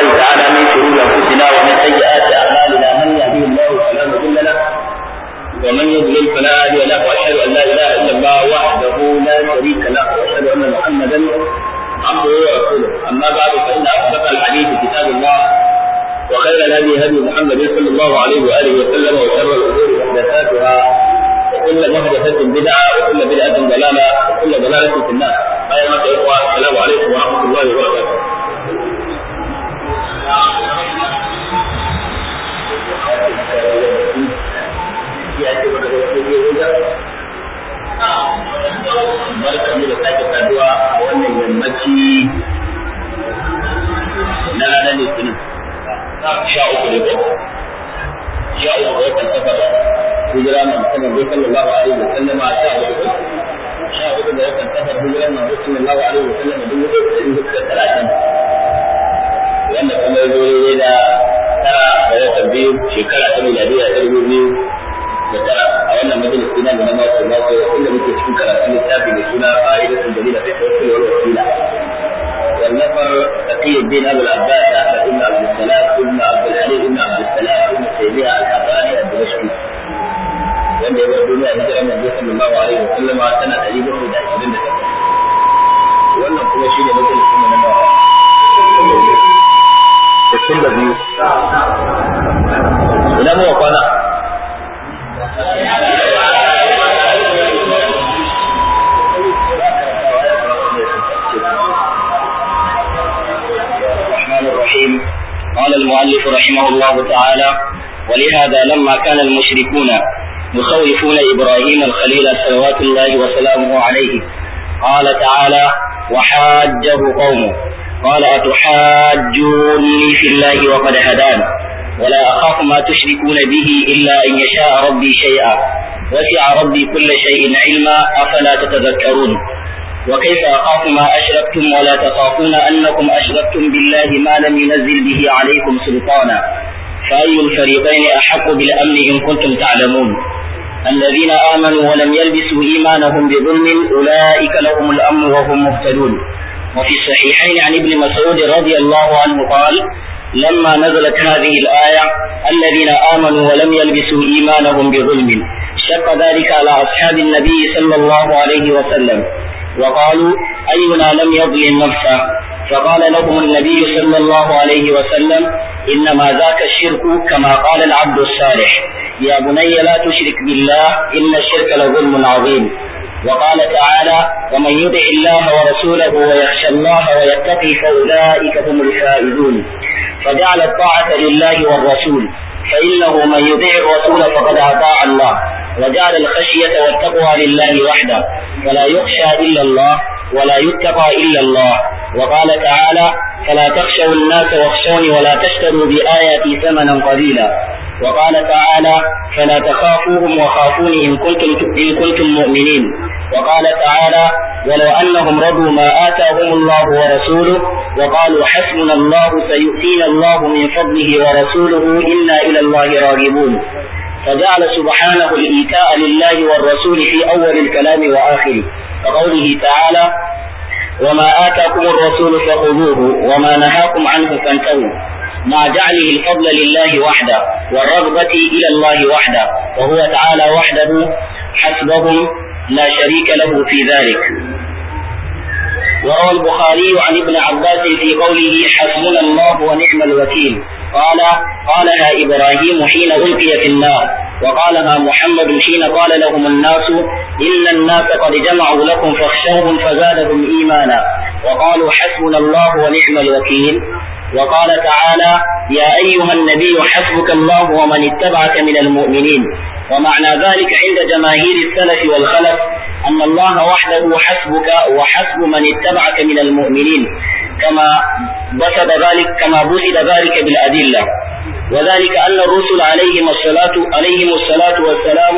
الله تعالى من شرور انفسنا ومن سيئات اعمالنا من يهده الله فلا مضل له ومن يضلل فلا هادي له واشهد ان لا اله الا الله وحده لا شريك له واشهد ان محمدا عبده ورسوله اما بعد فان اصدق الحديث كتاب الله وخير الهدي هدي محمد صلى الله عليه واله وسلم وشر الامور محدثاتها وكل محدثه بدعه وكل بدعه ضلاله وكل ضلاله في النار. السلام عليكم ورحمه الله وبركاته. ciki ya ce maka zai zai wuta barka mu da sake saduwa a wannan yammaci na ranar litinin sha uku da ko sha uku ga watan safar hijira man sanar da sallallahu alaihi wa sallam a sha uku sha uku ga watan safar hijira man sallallahu alaihi wa sallam dubu da ɗari hudu da talatin wanda kuma ya zo ne da tara da watan biyu shekara ta miliyariya ta dubu biyu a wannan majalisi na na mako mako inda muke cikin karatun littafi mai suna fa'idatul dalila fi tawakkul wal wasila والنفر تقي الدين ابو العباس احمد بن عبد السلام بن عبد العلي بن عبد السلام بن تيميه الحقاني الدمشقي wanda ya bar duniya da jiran manzo sallallahu alaihi wa sallam sana ɗari bakwai da ashirin da takwas wannan kuma shi ne majalisin mu na nawa sittin da biyu ina muka kwana قال المؤلف رحمه الله تعالى ولهذا لما كان المشركون يخوفون إبراهيم الخليل صلوات الله وسلامه عليه قال تعالى وحاجه قومه قال أتحاجوني في الله وقد هدان ولا أخاف ما تشركون به إلا أن يشاء ربي شيئا وسع ربي كل شيء علما أفلا تتذكرون وكيف أخاف ما أشركتم ولا تخافون أنكم أشركتم بالله ما لم ينزل به عليكم سلطانا فأي الفريقين أحق بالأمن إن كنتم تعلمون الذين آمنوا ولم يلبسوا إيمانهم بظلم أولئك لهم الأمن وهم مهتدون وفي الصحيحين عن ابن مسعود رضي الله عنه قال لما نزلت هذه الآية الذين آمنوا ولم يلبسوا إيمانهم بظلم شق ذلك على أصحاب النبي صلى الله عليه وسلم وقالوا أينا لم يظلم نفسه فقال لهم النبي صلى الله عليه وسلم إنما ذاك الشرك كما قال العبد الصالح يا بني لا تشرك بالله إن الشرك لظلم عظيم وقال تعالى ومن يطع الله ورسوله ويخشى الله ويتقي فأولئك هم الفائزون فجعل الطاعة لله والرسول فإنه من يطع الرسول فقد أطاع الله وجعل الخشية والتقوى لله وحده ولا يخشى إلا الله ولا يتقى إلا الله وقال تعالى فلا تخشوا الناس واخشوني ولا تشتروا بآياتي ثمنا قليلا وقال تعالى فلا تخافوهم وخافوني إن كنتم, إن كنتم مؤمنين وقال تعالى ولو أنهم رضوا ما آتاهم الله ورسوله وقالوا حسبنا الله سيؤتينا الله من فضله ورسوله إنا إلى الله راغبون فجعل سبحانه الإيتاء لله والرسول في أول الكلام وآخره كقوله تعالى وما آتاكم الرسول فخذوه وما نهاكم عنه فانتهوا مع جعله الفضل لله وحده والرغبة إلى الله وحده وهو تعالى وحده حسبهم لا شريك له في ذلك وروى البخاري عن ابن عباس في قوله حسبنا الله ونعم الوكيل قال قالها إبراهيم حين ألقي في النار وقالها محمد حين قال لهم الناس إن الناس قد جمعوا لكم فاخشوهم فزادهم إيمانا وقالوا حسبنا الله ونعم الوكيل وقال تعالى يا أيها النبي حسبك الله ومن اتبعك من المؤمنين ومعنى ذلك عند جماهير السلف والخلف أن الله وحده حسبك وحسب من اتبعك من المؤمنين كما بسد ذلك كما بسد ذلك بالأدلة وذلك أن الرسل عليهم الصلاة عليهم الصلاة والسلام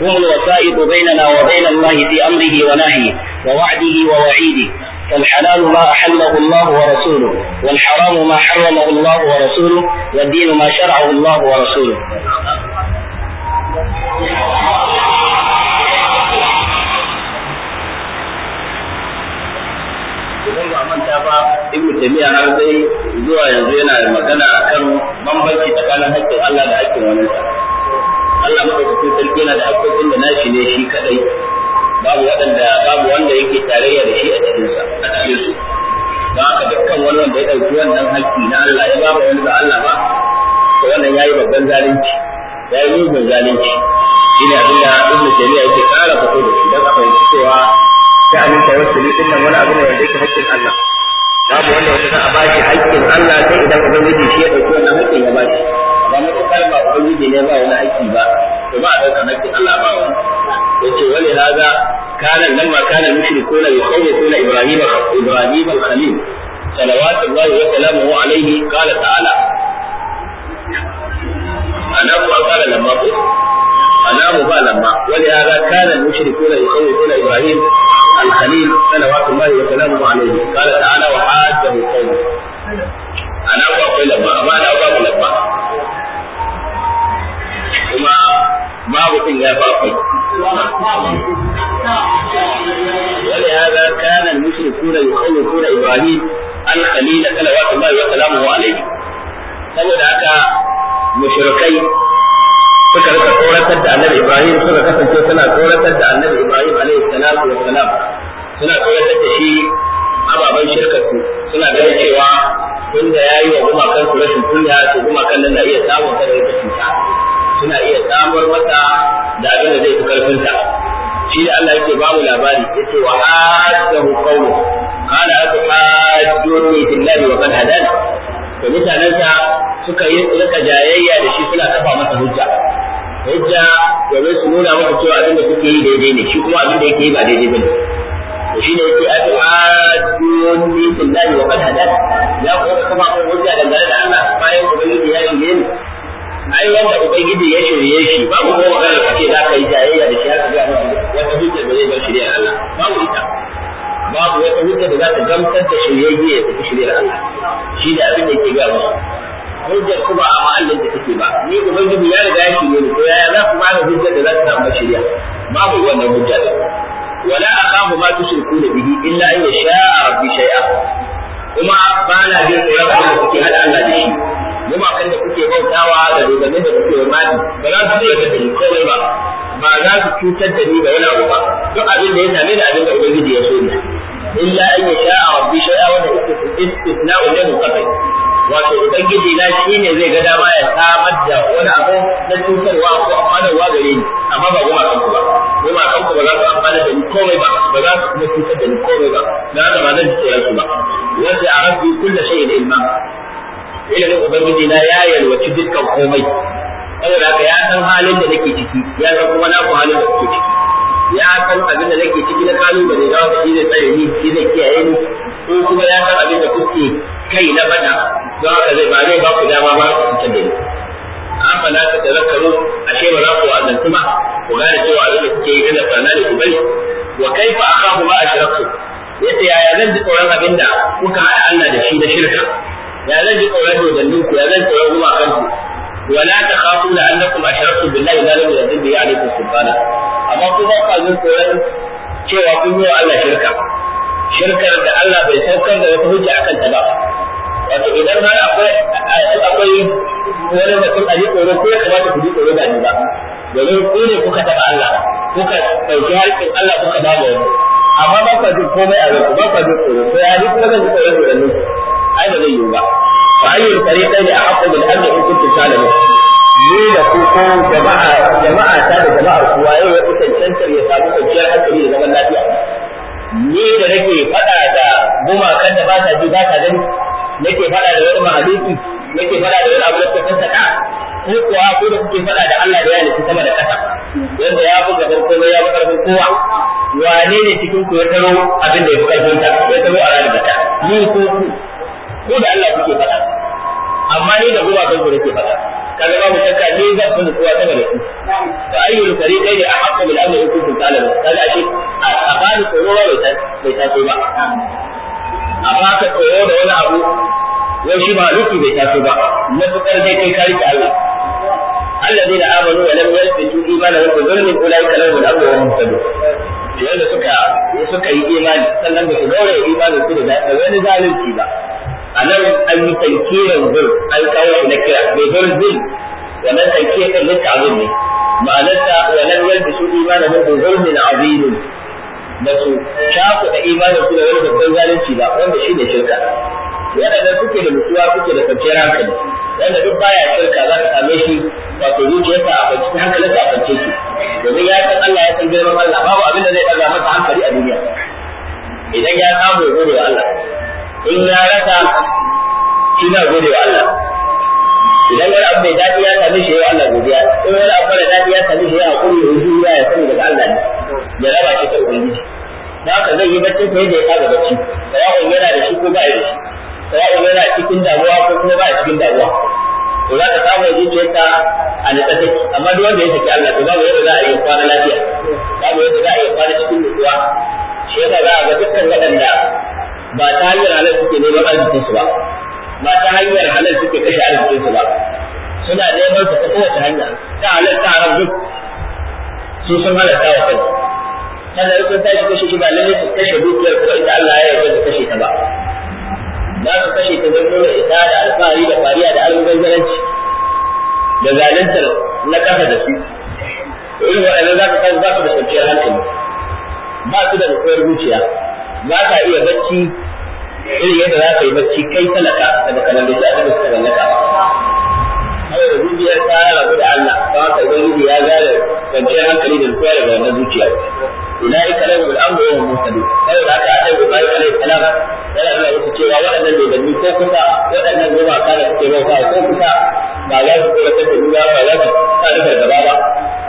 هم الوسائط بيننا وبين الله في أمره ونهيه ووعده ووعيده فالحلال ما أحله الله ورسوله والحرام ما حرمه الله ورسوله والدين ما شرعه الله ورسوله idan ba manta ba ibnu taymiya har sai zuwa yanzu yana magana akan bambanci tsakanin haƙƙin Allah da haƙƙin wani Allah madaukakin sarki yana da haƙƙoƙin da nashi ne shi kadai babu waɗanda babu wanda yake tarayya da shi a cikin cikinsa a cikin su ba haka dukkan wani wanda ya ɗauki wannan haƙƙi na Allah ya ba wani ba Allah ba to wannan yayi babban zalunci yayi mugun zalunci shine abin da Ibn Taymiyyah yake ƙara fito da shi don a fahimci cewa sha'anin wasu ne nan wani abu ne wanda yake haƙƙin Allah babu wanda wata za a ba shi haƙƙin Allah sai idan ubangiji shi ya ɗauki wannan haƙƙin ya ba shi ba matuƙar ba ubangiji ne ba wani haƙƙi ba to ba a ɗaukar haƙƙin Allah ba wani yace wani haza kana lamma kana mushrikuna yukhawifuna ibrahima ibrahima al-khalil wa الله alayhi, عليه ta'ala. ana أنا قال lamma قلت أنا مبالغة ولهذا كان المشركون يخوفون إبراهيم الخليل صلوات الله وسلامه عليه قال تعالى وحاجه قومه أنا أقول لما ما ما أنا أقول لما كما ما بطن يا باطل ولهذا كان المشركون يخوفون إبراهيم الخليل صلوات الله وسلامه عليه فلذلك مشركين suka rika tsoratar da annabi Ibrahim suka kasance suna tsoratar da annabi Ibrahim alaihi salatu wa salam suna tsoratar da shi ababan shirka su suna ganin cewa tunda yayi wa gumakan su rashin kunya to gumakan nan na iya samun kada ya ta suna iya samar mata da abin da zai fi karfin ta shi da Allah yake bamu labari yace wa hadahu qawlu qala atuhadduni billahi wa qad hadani da mutanensa suka yi rika jayayya da shi suna kafa masa hujja hujja domin su nuna maka cewa abin da kuke yi daidai ne shi kuma abin da yake yi ba daidai bane to shine yake a tu'aduni billahi wa qad hadat ya ku kafa mun hujja da gare da Allah bayan ubangiji ya shirye ne ai wanda ubangiji ya shirye shi ba mu kuma magana kace za ka yi jayayya da shi har ka ga wata hujja da zai bar shirye Allah babu ita babu wata hujja da za ta gamsar da shiryayye ya tafi da Allah shi da abin da yake ga musu hujja kuma a ma'allin da take ba ni ubangiji ya riga ya shirye ni ko ya za ku ba hujjar da za ta samu shirya babu wannan hujja da wala aqamu ma tushrikuna bihi illa an yasha rabbi shay'a kuma ba na jin tsoron da kuke hada Allah da shi kan da kuke bautawa da doganin da kuke mali ba za su iya da ni komai ba ba za su cutar da ni ba yana ba duk abin da ya same da abin da ubangiji ya so ni illa an ya sha a rabbi shay'a wanda istisna'u ne kafai wato ubangiji na shi ne zai ga dama ya samar da wani abu na cutarwa ko amfanarwa gare ni amma ba goma kan ba goma kan ba za su amfana da ni komai ba ba za su kuma cutar da ni komai ba na da ba zan tsira su ba wanda a rabbi kullu shay'in ilma ilimin ubangiji na ya yalwaci dukkan komai saboda haka ya san halin da nake ciki ya san kuma na ku halin da kuke ciki ya san abin da nake ciki na kalubale da wanda shi zai tsaye ni shi zai kiyaye ni ko kuma ya san abin da kuke kai na bada don haka zai ba zai ba ku dama ba ku cutar da ni na ta a ashe ba za ku wa'azantu ba ku gane cewa abin da kuke yi na tsana da ku bari wa kaifa a ma ashraktu ya yaya zan ji tsoron abin da kuka haɗa Allah da shi na shirka ya zan ji tsoron dodannin ku ya zan tsoron gumakan ku ولا تخافون أنكم أشركتم بالله ما لم ينزل به عليكم سلطانا أما كما قالوا قولا cewa kun yi wa Allah shirka shirkar da Allah bai saukar da wata ta ba wato idan har akwai akwai wani mutum a ji tsoro ko ya kamata ku ji tsoro da ba domin ku ne kuka taɓa Allah kuka ɗauki harkin Allah kuka ba mu? amma ba ka komai a ranku ba ka ji tsoro sai a ji kuma zan tsoro da ni ai ba zai yiwu ba fa ayyul fariqaini ahqqu bil amni in kuntum ta'lamun ni da ku ko jama'a jama'a ta da jama'a ku waye ya fi cancantar ya samu kwanciyar hankali da zaman lafiya ni da nake faɗa da gumakan da ba ta ji ba ta gani nake faɗa da wani mahaluki nake faɗa da wani abu da ta saka ko kuwa ko da kuke faɗa da Allah da ya nufi sama da ƙasa yadda ya fi gaban kowa ya fi ƙarfin kowa wane ne cikin ku ya taro abin da ya fi ƙarfin ta ya taro a ranar da ta ni ko ku ko da Allah kuke faɗa amma ni da guba kanku ke faɗa kaga babu shakka ni zan fi zuwa ta da ku fa ayyul fariqai ne ahqqu bil amri in kuntum ta'lamun kaga ashe a bani tsoro ba bai taso ba amma ka tsoro da wani abu wai shi luki bai ta taso ba matukar dai kai ka rike Allah الذين آمنوا ولم يلبسوا إيمانهم بظلم أولئك لهم الأمر وهم مهتدون da suka suka yi imani sannan da su gaura imanin su da wani zalunci ba a nan an yi tankiran zul an kawo shi na kira bai zul wannan tankiya kan lissa abin ne ta wannan yadda su imanin mun zul min azimin da su shafu da imanin su da wani babban zalunci ba wanda shi ne shirka Waɗannan suke da mutuwa suke da kwanciyar hankali wanda duk baya shirka za ka same shi wato zuciyarsa a kwanci hankali a kwance shi domin ya san Allah ya san girman Allah babu abin da zai ɗaga masa hankali a duniya idan ya samu ya gode wa Allah in ya rasa ina gode wa Allah idan wani abu mai daɗi ya sami shi ya Allah godiya in wani abu mai daɗi ya sami shi ya hakuri ya juriya ya sani daga Allah ne ya raba shi da ubangiji da haka zai yi bacci sai da ya ga bacci sawa'un yana da shi ko ba da shi sawa'un yana cikin damuwa ko kuma ba cikin damuwa to za ka samu zuciyarka a nutsa take amma duk wanda ya saki Allah to babu yadda za a yi kwana lafiya babu yadda za a yi kwana cikin nutsuwa shi yasa za a ga dukkan waɗanda ba ta hanyar halal suke neman arzikin su ba ba ta hanyar halal suke kashe arzikin su ba suna neman su ta kowace hanya ta halal ta haram duk su sun halatta wa kai kada in ta shi kashe shi ba lalle su kashe dukiyar kuma ita Allah ya yarda su kashe ta ba za su kashe ta don nuna ita da alfahari da fariya da almubazzaranci da zaluntar na kasa da su irin waɗannan za ka ba su da kwanciyar hankali ba su da nutsuwar zuciya ba ka iya bacci irin yadda za ka yi bacci kai talaka da baka mallaki abin da suka mallaka saboda zuciyar ta rabu da Allah ba ka ubangiji ya gane kwanciyar hankali da zuciya daga wannan zuciya ina yi kalan wal amru wa mutadu saboda haka Allah ya bayar kalan kalam yana nuna muku cewa waɗannan dodanni ko kusa waɗannan gumaka da suke bauta ko kusa ba za su tsoratar da duba ba za su tsara da gaba ba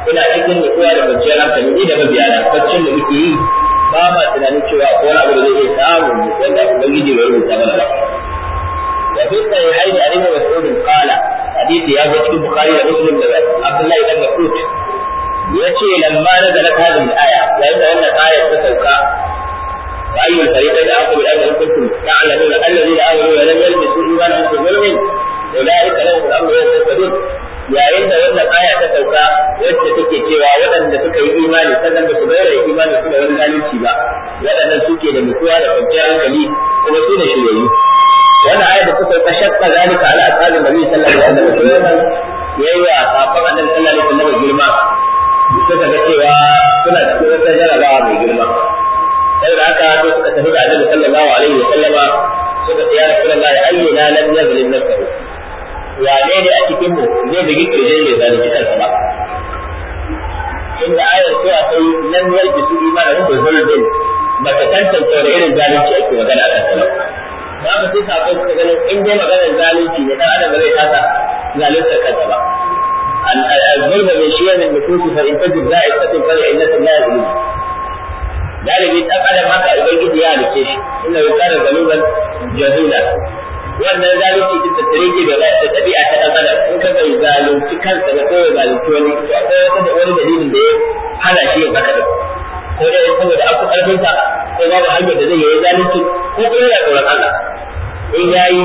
ina cikin nutsuwa da kwanciyar hankali ni da mabiyana baccin da muke yi ba ma tunanin cewa ko wani abu da zai iya samu wanda ubangiji bai rubuta mana ba wa fi sahihain an ibn mas'ud qala hadisi ya zo cikin bukhari da muslim da abdullahi ibn mas'ud yace lamma nazalat hadhihi al-aya yayin da wannan ayar ta sauka وأي الفريقين أقول أن كنتم تعلمون الذين آمنوا ولم يلبسوا إيمانهم بظلم أولئك لهم الأمر وهم مهتدون yayin da wannan aya ta sauka wacce take cewa waɗanda suka yi imani sannan ba su gaura imani su da wani zalunci ba waɗannan suke da mutuwa da kwanciyar hankali kuma su da shirayi wannan aya da ta sauka shakka zalika ala ashabin nabi sallallahu alaihi wasallam yayi wa sahabban annabi sallallahu alaihi wasallam girma suka ga cewa suna cikin wata jarabawa mai girma Sai da haka to suka tafi da annabi sallallahu alaihi wasallam suka tsaya da kullum ya ayyana lam yazlim nafsuhu wane ne a cikin mu zai bugi kirjin ne zalunci kansa ba inda ayar cewa sai nan yarki su imanin da zulmin ba ta tantance da irin zalunci ake magana a kansa ba ba sai sakon ka ganin in dai maganar zalunci ne dan adam zai kasa zalunta kansa ba الظلم من شيء من النفوس فإن تجد لا عزة فلعلة لا يظلم galibi dan adam haka ubangiji ya halice shi inna kana zaluman jahula wannan zalunci da tattare ke da da ɗabi'a ta ɗan adam in ka bai zalunci kansa ba ko ya zalunci wani to akwai wata wani dalilin da ya hana shi yin haka da ko dai saboda aku ƙarfinsa ko babu hanyar da zai yi zalunci ko kuma ya tsoron Allah in ya yi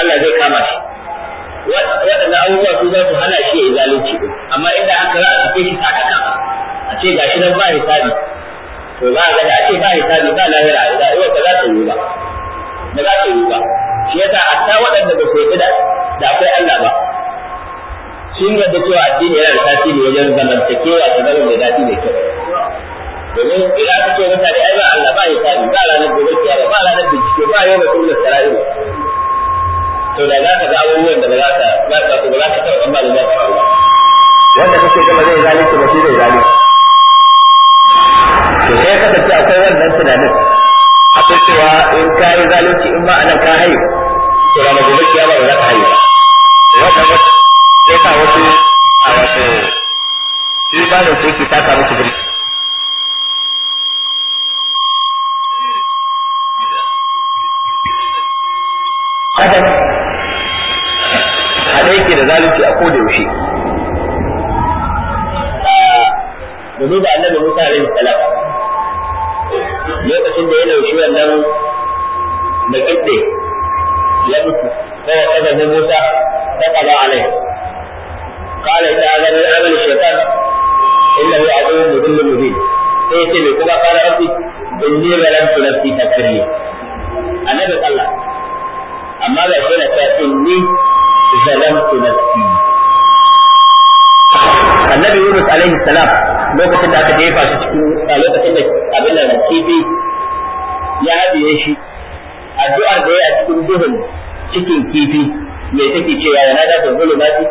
Allah zai kama shi waɗanda abubuwa su za su hana shi ya yi zalunci amma inda aka za a tafi shi sakaka a ce ga shi nan ba hisabi to za a ga a ce ba hisabi ba lahira da iya ba za ta yi ba ba za ta yi ba shi yasa hatta waɗanda ba su yi da da akwai Allah ba sun yadda cewa addini yana da tasiri wajen zamantakewa ta zama mai daɗi mai kyau domin ina aka ce mutane ai ba Allah ba ya tabi ba ranar gobe kiyama ba ranar bincike ba yau da kullum sara'i to da za ka ga abubuwan da ba za ka ba za ka ba za ka taɓa kan ba da za ka faru wanda kake gaba zai zalunci ba shi zai zalunci to sai ka tafi akwai wannan tunanin a cewa in ka yi zalunci in ma a ka haye to rama gobe kiyama ba za ka haye ba wannan ya sa wasu a wato imanin su yake taka musu birki haka hada yake da zalunci a koda yaushe domin da annabi Musa alaihi salam lokacin da ya dauki wannan da kidde ya mutu sai ya kada Musa ta kada alai qala ta'ala min amal shaytan innahu aduwwun mudillun mubin sai ya ce me kuma qala rabbi inni zalamtu nafsi takriya annabi Allah amma da shi na ta inni zalamtu nafsi annabi Yunus alaihi salam lokacin da aka jefa shi cikin a lokacin da abin da kifi ya haɗiye shi Addu'a da ya cikin duhun cikin kifi mai take cewa yana da ta shi.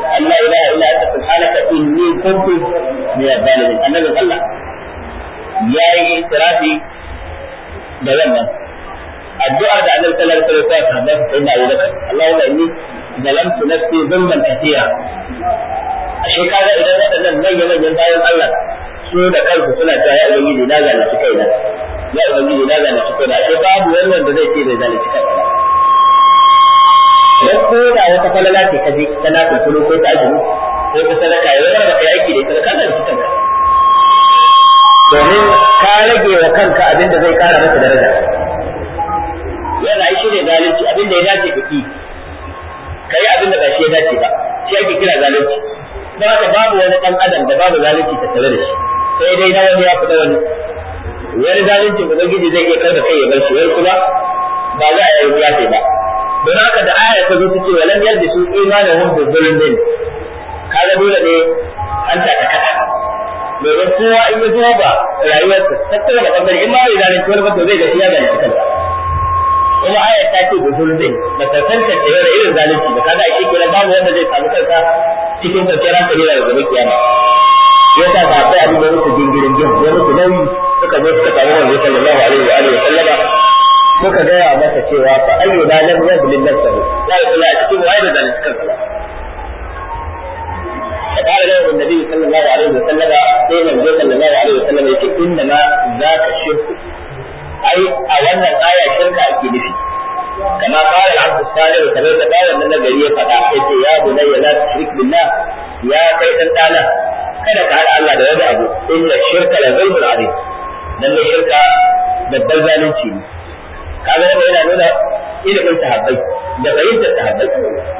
Allah ya ilaha illa anta subhanaka inni kuntu min adh-dhalimin annabi Allah ya yi tirafi da wannan Addu'a da annabi sallallahu alaihi wasallam ya faɗa sai na yi Allah ya inni zalamtu nafsi zulman kathira ashe kaga idan waɗannan manyan manyan bayan Allah su da kansu suna cewa ya ne na zalunci kaina ya ne na zalunci kaina ashe babu wannan da zai ce da zalunci kansa ba dan ko da wata falala ce kaje ta na kullu ko ta azumi ko ta sadaka ya wani kai yaki da ka kana da kanka domin ka rage wa kanka abin da zai kara maka daraja yana shi ne zalunci abin da ya dace ka ki kai abin da ba shi ya dace ba shi ake kira zalunci ba babu wani dan adam da babu zalunci ta tare da shi sai dai na wani ya fada wani wani zalunci gidi zai iya karba kai ya bar shi wani kuma ba za a yi ya ba don haka da aya ta zo ta ce walam yadda su imanin hun da zulmin kaga dole ne an ta ta kada domin kowa in ya zo ba rayuwarsa tattara da bangare in ma mai zalunci wani ba to zai ga iya zalunci kansa kuma ayat ta ce da zulmin da tantance da yare irin zalunci da kaga ake kira babu wanda zai samu kansa cikin kwanciyar hankali da gobe kiyama yasa ba sai abin da musu jingirin jin ya musu nauyi suka zo suka samu sallama sallallahu alaihi wa alihi sallama muka gaya masa cewa fa ayyu la lam yadlim nafsahu la a cikin wayar da zalunci kansa ba فقال له النبي صلى الله عليه وسلم قيل النبي صلى الله عليه وسلم انما ذاك الشرك ai a wannan aya shirka ake nufi kama qala al-abd ta bai da bayan na gari ya faɗa yace ya bunayya la tushrik billah ya kai dan dana kada ka haɗa Allah da wani abu inna shirka la zulmun azim dan ne shirka babbar zalunci ne kaga wannan yana nuna ilimin sahabbai da fahimtar sahabbai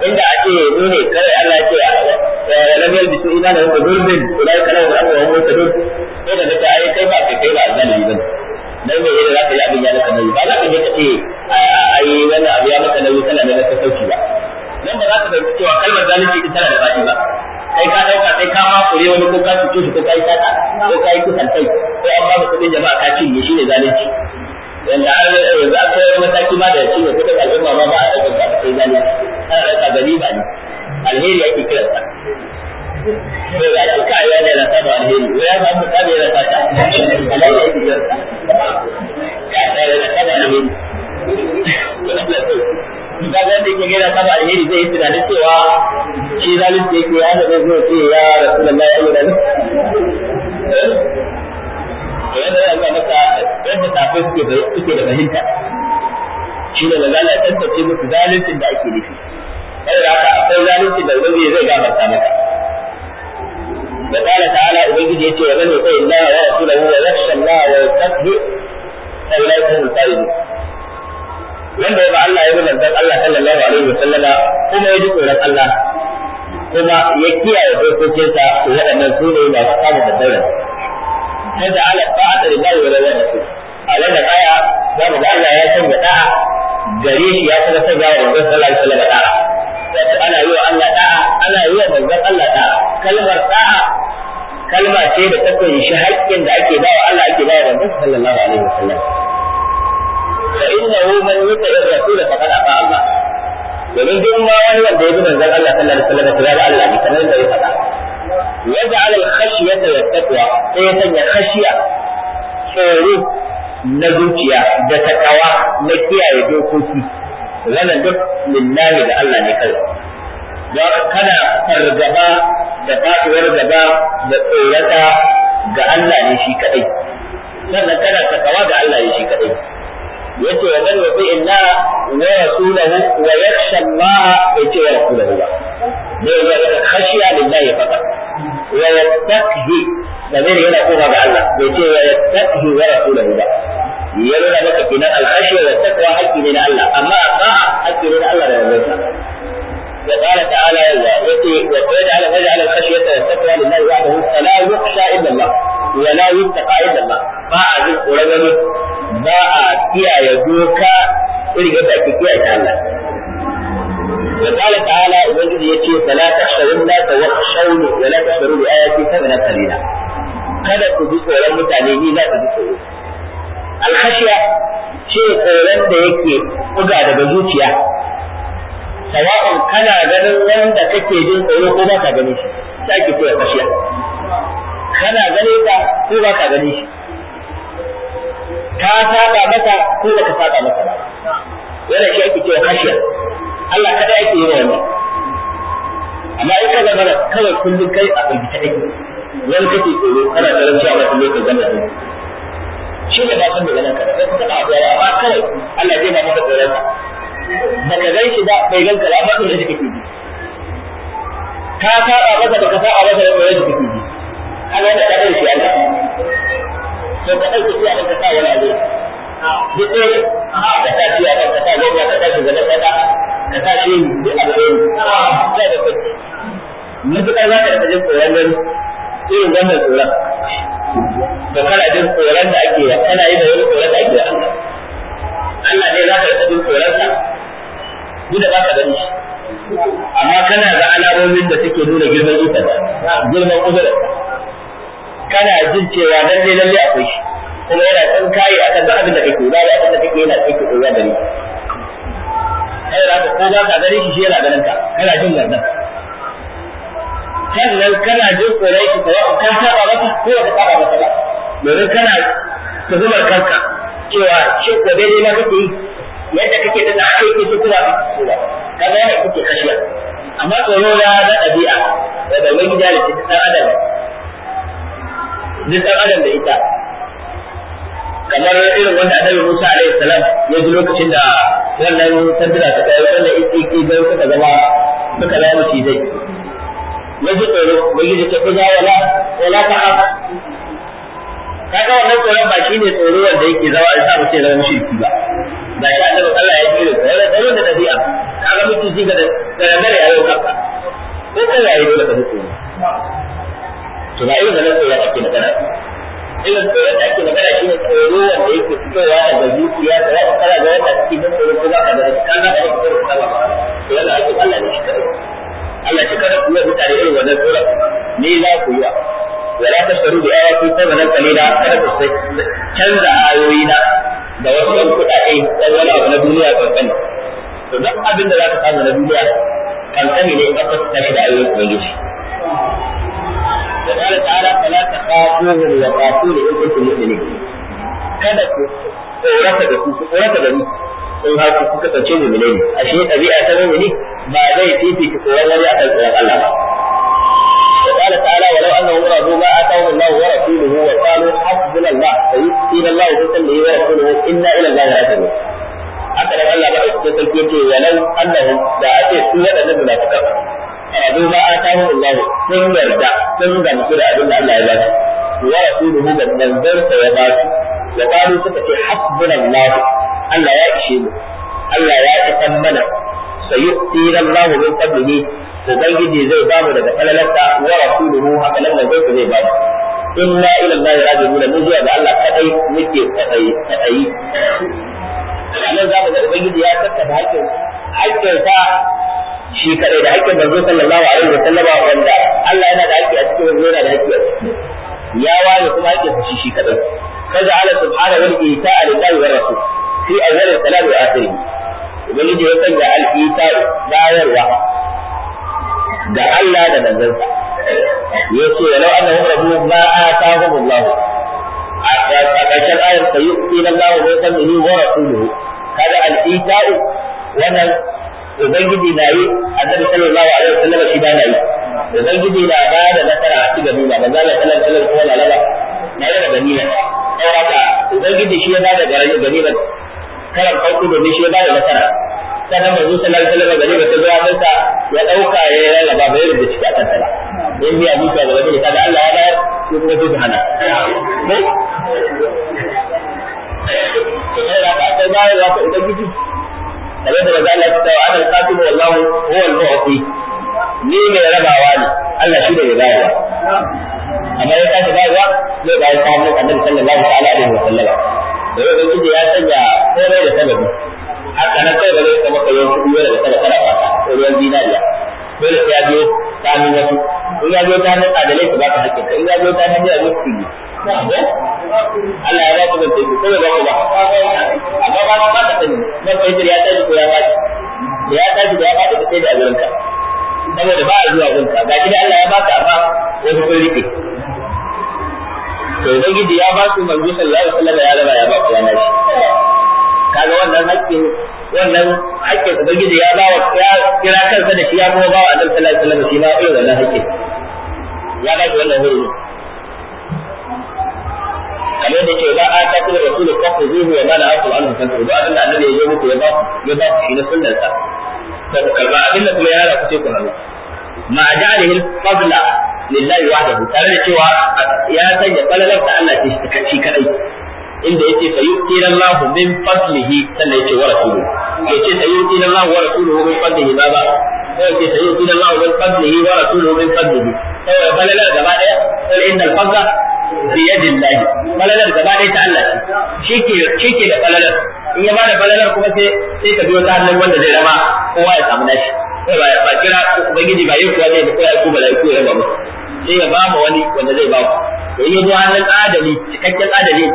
inda a ce yanzu ne kawai Allah ce ya eh, lam yalbisu imanan wa zulmin ulai kana wa amru ta dole. Ko da ta yi kai ba kai ba a zalimi bane dan me ne za ka yi abin ya maka nauyi ba za ka je ka ce ai wannan abu ya maka nauyi kana da ka sauki ba nan ba za ka fahimci cewa kalmar zalunci din tana da baki ba kai ka dauka kai ka ma kure wani ko ka cuce shi ko ka yi sata ko ka yi kusan kai ko an ba kuɗin jama'a ka cinye shi ne zalunci wanda har yanzu an kai mataki ma da ko kuɗin al'umma ma ba a ɗaukar ba sai zalunci ana ɗauka gani ba ne alheri ake kiransa to ya ci ka ya ne na saba alheri ko ya samu sabe na fata Allah ya ji ka ta ya saba alheri ka ga da yake yana saba alheri zai yi tunanin cewa shi zalunci yake ya da zai zo ce ya rasulullahi ayyuka eh? to yana da maka yadda tafai suke da suke da fahimta shi ne magana tantance musu zaluncin da ake nufi kada haka akwai zaluncin da zai zai gafarta maka وقال تعالى أبيد يتي ومن يطيع الله ورسوله ويخشى الله ويستكبر فأولئك هم الفائزون من بيبع الله يقول لك الله صلى الله عليه وسلم كما يجب لك الله كما يكيا يقول كيسا وأن سوري ما تقام بالدولة هذا على الطاعة لله ولا ينسي a wannan aya za mu ga Allah ya sanya da'a gare shi ya taga ta zai manzon sallallahu alaihi wasallam da'a wato ana yi wa Allah da'a ana yi wa manzon Allah da'a kalmar da'a kalma ce da ta shi haƙƙin da ake bawa Allah ake bawa manzon sallallahu alaihi wasallam fa innahu man yuti'i ar-rasul faqad ata Allah domin duk ma wani wanda ya bi manzon Allah sallallahu alaihi wasallam ta zai Allah ne kamar da ya faɗa yaj'al al-khashyata wat-taqwa sai ya sanya khashiya tsoro na zuciya da takawa na kiyaye dokoki wannan duk lillahi da Allah ne kai da kana fargaba da faɗuwar gaba da tsorata ga Allah ne shi kadai sannan kana takawa ga Allah ne shi kadai yace wa man yuti inna wa rasulahu wa yakhsha Allah yace wa rasulahu ba ya ga khashiya lillahi faqat wa yattaqi da zai yana koma ga Allah yace wa yattaqi wa rasulahu ba yana da maka kinan al-khashya wa taqwa hakki ne na Allah amma ba hakki ne Allah da rasulahu وقال تعالى وقال تعالى فجعل الخشية والتقوى لله وحده فلا يخشى إلا الله ولا يتقى إلا الله ما أعزل قرآن ما أعطيها يدوك إلي قد أعطيها الله وقال تعالى وجد يتي فلا تخشوا الناس واخشوني ولا تخشوا بآياتي ثمنا قليلا kada ku ji tsoron mutane ni za ku ji tsoro alkhashiya ce tsoron da yake buga daga zuciya sawa'un kana ganin wanda kake jin tsoro ko ba ka gani shi sai ake koya kashiya kana gani ka ko ba ka gani shi ka saba masa ko ba ka saba masa ba yana shi ake cewa kashiya Allah kada ake yi wani amma in ka zama kawai kullum kai a firgita ake wani kake tsoro kana da a wata lokacin zama shi ne ba san da ganin ka da kuma ta ba amma kawai Allah zai ba maka tsoron ka baka gan shi ba bai ganka ba amma tsoron shi kake ji ka saba masa baka saba masa da tsoron shi kake ji an wanda ka ɗauki Allah to ka ɗauki shi a ka sa ne. abu duk ɗaya ka ta shi a ka sa gwamna ka sa shugaban ƙasa ka sa shi duk abu ɗaya ka da kai matuƙar za ka jin tsoron gani irin wannan tsoron da kana jin tsoron da ake kana yi da wani tsoron da ake Allah Allah ne za ka jin tsoron sa duk da za ka gani amma kana da alamomin da suke nuna girman ita girman uzurin kana jin cewa lalle lalle akwai shi kuma yana san kai akan da abin da kake ba da abin da kake yana kake koya da ni kai da ko ba ka gare shi yana ganin ka kana jin wannan sannan kana jin korai shi ko ka saba masa ko ka saba ba domin kana ka zubar kanka cewa shi ko daidai na kake yi yadda kake da ake ke su kula ba su kula kaga yana kuke kashiya amma tsoro na na ɗabi'a da wani gida da ta ɗan adam da ɗan adam da ita kamar irin wanda annabi Musa alaihi salam ya ji lokacin da wannan sanduna ta kai wannan ikiki da suka zama suka shi zai ya ji tsoro ubangiji ta kuza wala wala ta haka kaga wannan tsoron ba shine tsoro wanda yake zama a sa mutum ya zama shirki ba ga shi annabi Allah ya tsire ka yana tsaron da tafiya kaga shi ga da dare a yau kafa ko kai ya yi dole ka mutu to ba irin da ya ake magana irin tsoron da ake magana shi ne tsoro wanda yake fitowa daga zuciya da wata kara da wata cikin tsoro ko ka da kana da wata da ba to yana ake Allah ne shi kare Allah shi kare kuma mutane irin wannan tsoron ne za ku yi wa ولا تشتروا بآياتي ثمنا قليلا فلا تشتروا كنز آيوينا da wasu yan kuɗaɗe dan wani abu na duniya kankani to duk abin da za ka samu na duniya kan kankani ne ka fasta shi da ayoyin ubangiji da Allah ta'ala fala takhafuhum wa khafuni in kuntum mu'minin kada ku tsorata da ku tsorata da ni in har ku kasance mu'mini ne ashe ɗabi'a ta mu'mini ba zai fifita tsoron wani akan tsoron Allah ba قال تعالى ولو انهم رضوا ما اتاهم الله ورسوله وقالوا حسبنا الله سيؤتينا الله بفضله ورسوله انا الى الله راجعون haka nan Allah ba da sarki yake walau annahu da ake su waɗannan munafikan radu ma atahu Allah sun yarda sun gamsu da abin da Allah ya ba su wa rasuluhu da manzansa ya ba su wa qalu suka ce hasbuna Allah Allah ya ishe mu Allah ya isan mana sayu'tina Allah min fadlihi ubangiji zai ba mu daga falalarsa wa rasuluhu haka nan da zai ba mu inna ila allahi rajiuna mun zuwa ga Allah kadai muke kadai kadai nan za mu ga ubangiji ya da hakkin hakkin sa shi kadai da hakkin manzo sallallahu alaihi wa sallam wanda Allah yana da hakki a cikin manzo yana da hakki a cikin ya wani kuma hakkin shi shi kadai faja'ala subhanahu wa ta'ala lillahi wa rasul fi awwal salat wa akhirih ubangiji ya sanya al-ita bayarwa Da Allah da manzansa ya ce walau annahum rabu ma atahum Allah a ƙarshen ayar ta yi ƙila Allah wa san ihi wa rasuluhu kada al-ita'u wannan ubangiji na yi annabi sallallahu alaihi wasallam shi ba na yi ubangiji na ba da nasara a cikin ganima manzo Allah sallallahu kallon wasallam kuma lalaba na yi da ganima saboda ubangiji shi ya ba da ganima karan farko domin shi ya ba da nasara sannan manzo sallallahu alaihi wasallam gari ba ta zuwa masa ya dauka ya rarraba bai rubuta ciki a kanta ba in biya ba kada Allah ya bayar ko kuma zai hana da ya ni mai rabawa ne Allah shi amma ya tashi bayarwa zai bayar ta mu sallallahu alaihi da ya sanya komai da sababi haka nan kai ba zai kama ka yawan kuɗi wanda kada kana fata ko ruwan zinariya dole sai ya biyo tsamin wasu in ya biyo ta hannun adalai ka baka hakkin ka in ya biyo ta hannun ya biyo kuɗi Allah ya ba ku zance ku kawai ba ku ba amma ba ba ka sani na fahimtar ya tashi ko ya faɗi da ya tashi da ya faɗi ka sai da azurinka saboda ba a zuwa gunka ga shi Allah ya baka amma wasu kun rike to ubangiji ya ba su manzo sallallahu alaihi wasallam ya raba ya ba ku yana shi kaga wannan hakki wannan haƙƙin ubangiji ya ba wa kira kansa da shi ya kuma ba wa annabi sallallahu alaihi wasallam shi ma irin wannan hakki ya ba shi wannan hurumi kamar da ke ba a ta kuma da kullu kafu zuhu ya mala aqul anhu kan ba abin da annabi ya yi muku ya ba ya ba shi na sunnar sa da ku karba abin da kuma ya ra ku ce ku hannu ma jalihi fadla lillahi wahdahu tare da cewa ya sanya falalar ta Allah ce shi kadai inda yace sayu'tina Allahu min fadlihi sannan yace wa rasuluhu yace sayu'tina Allahu wa rasuluhu min fadlihi ba ba yace sayu'tina Allahu min fadlihi wa rasuluhu min fadlihi sai balala gaba daya sai inda al-fadla bi yadillahi balala gaba daya ta Allah shi ke shi ke da balala in ya bada balalar kuma sai sai ka biyo ta hannun wanda zai raba kowa ya samu nashi sai ba ba kira ubangiji ba yau kuwa zai da kowa ko balaiku ya raba ba. sai ya ba ma wani wanda zai ba ku to in ya zo hannun adali cikakken adali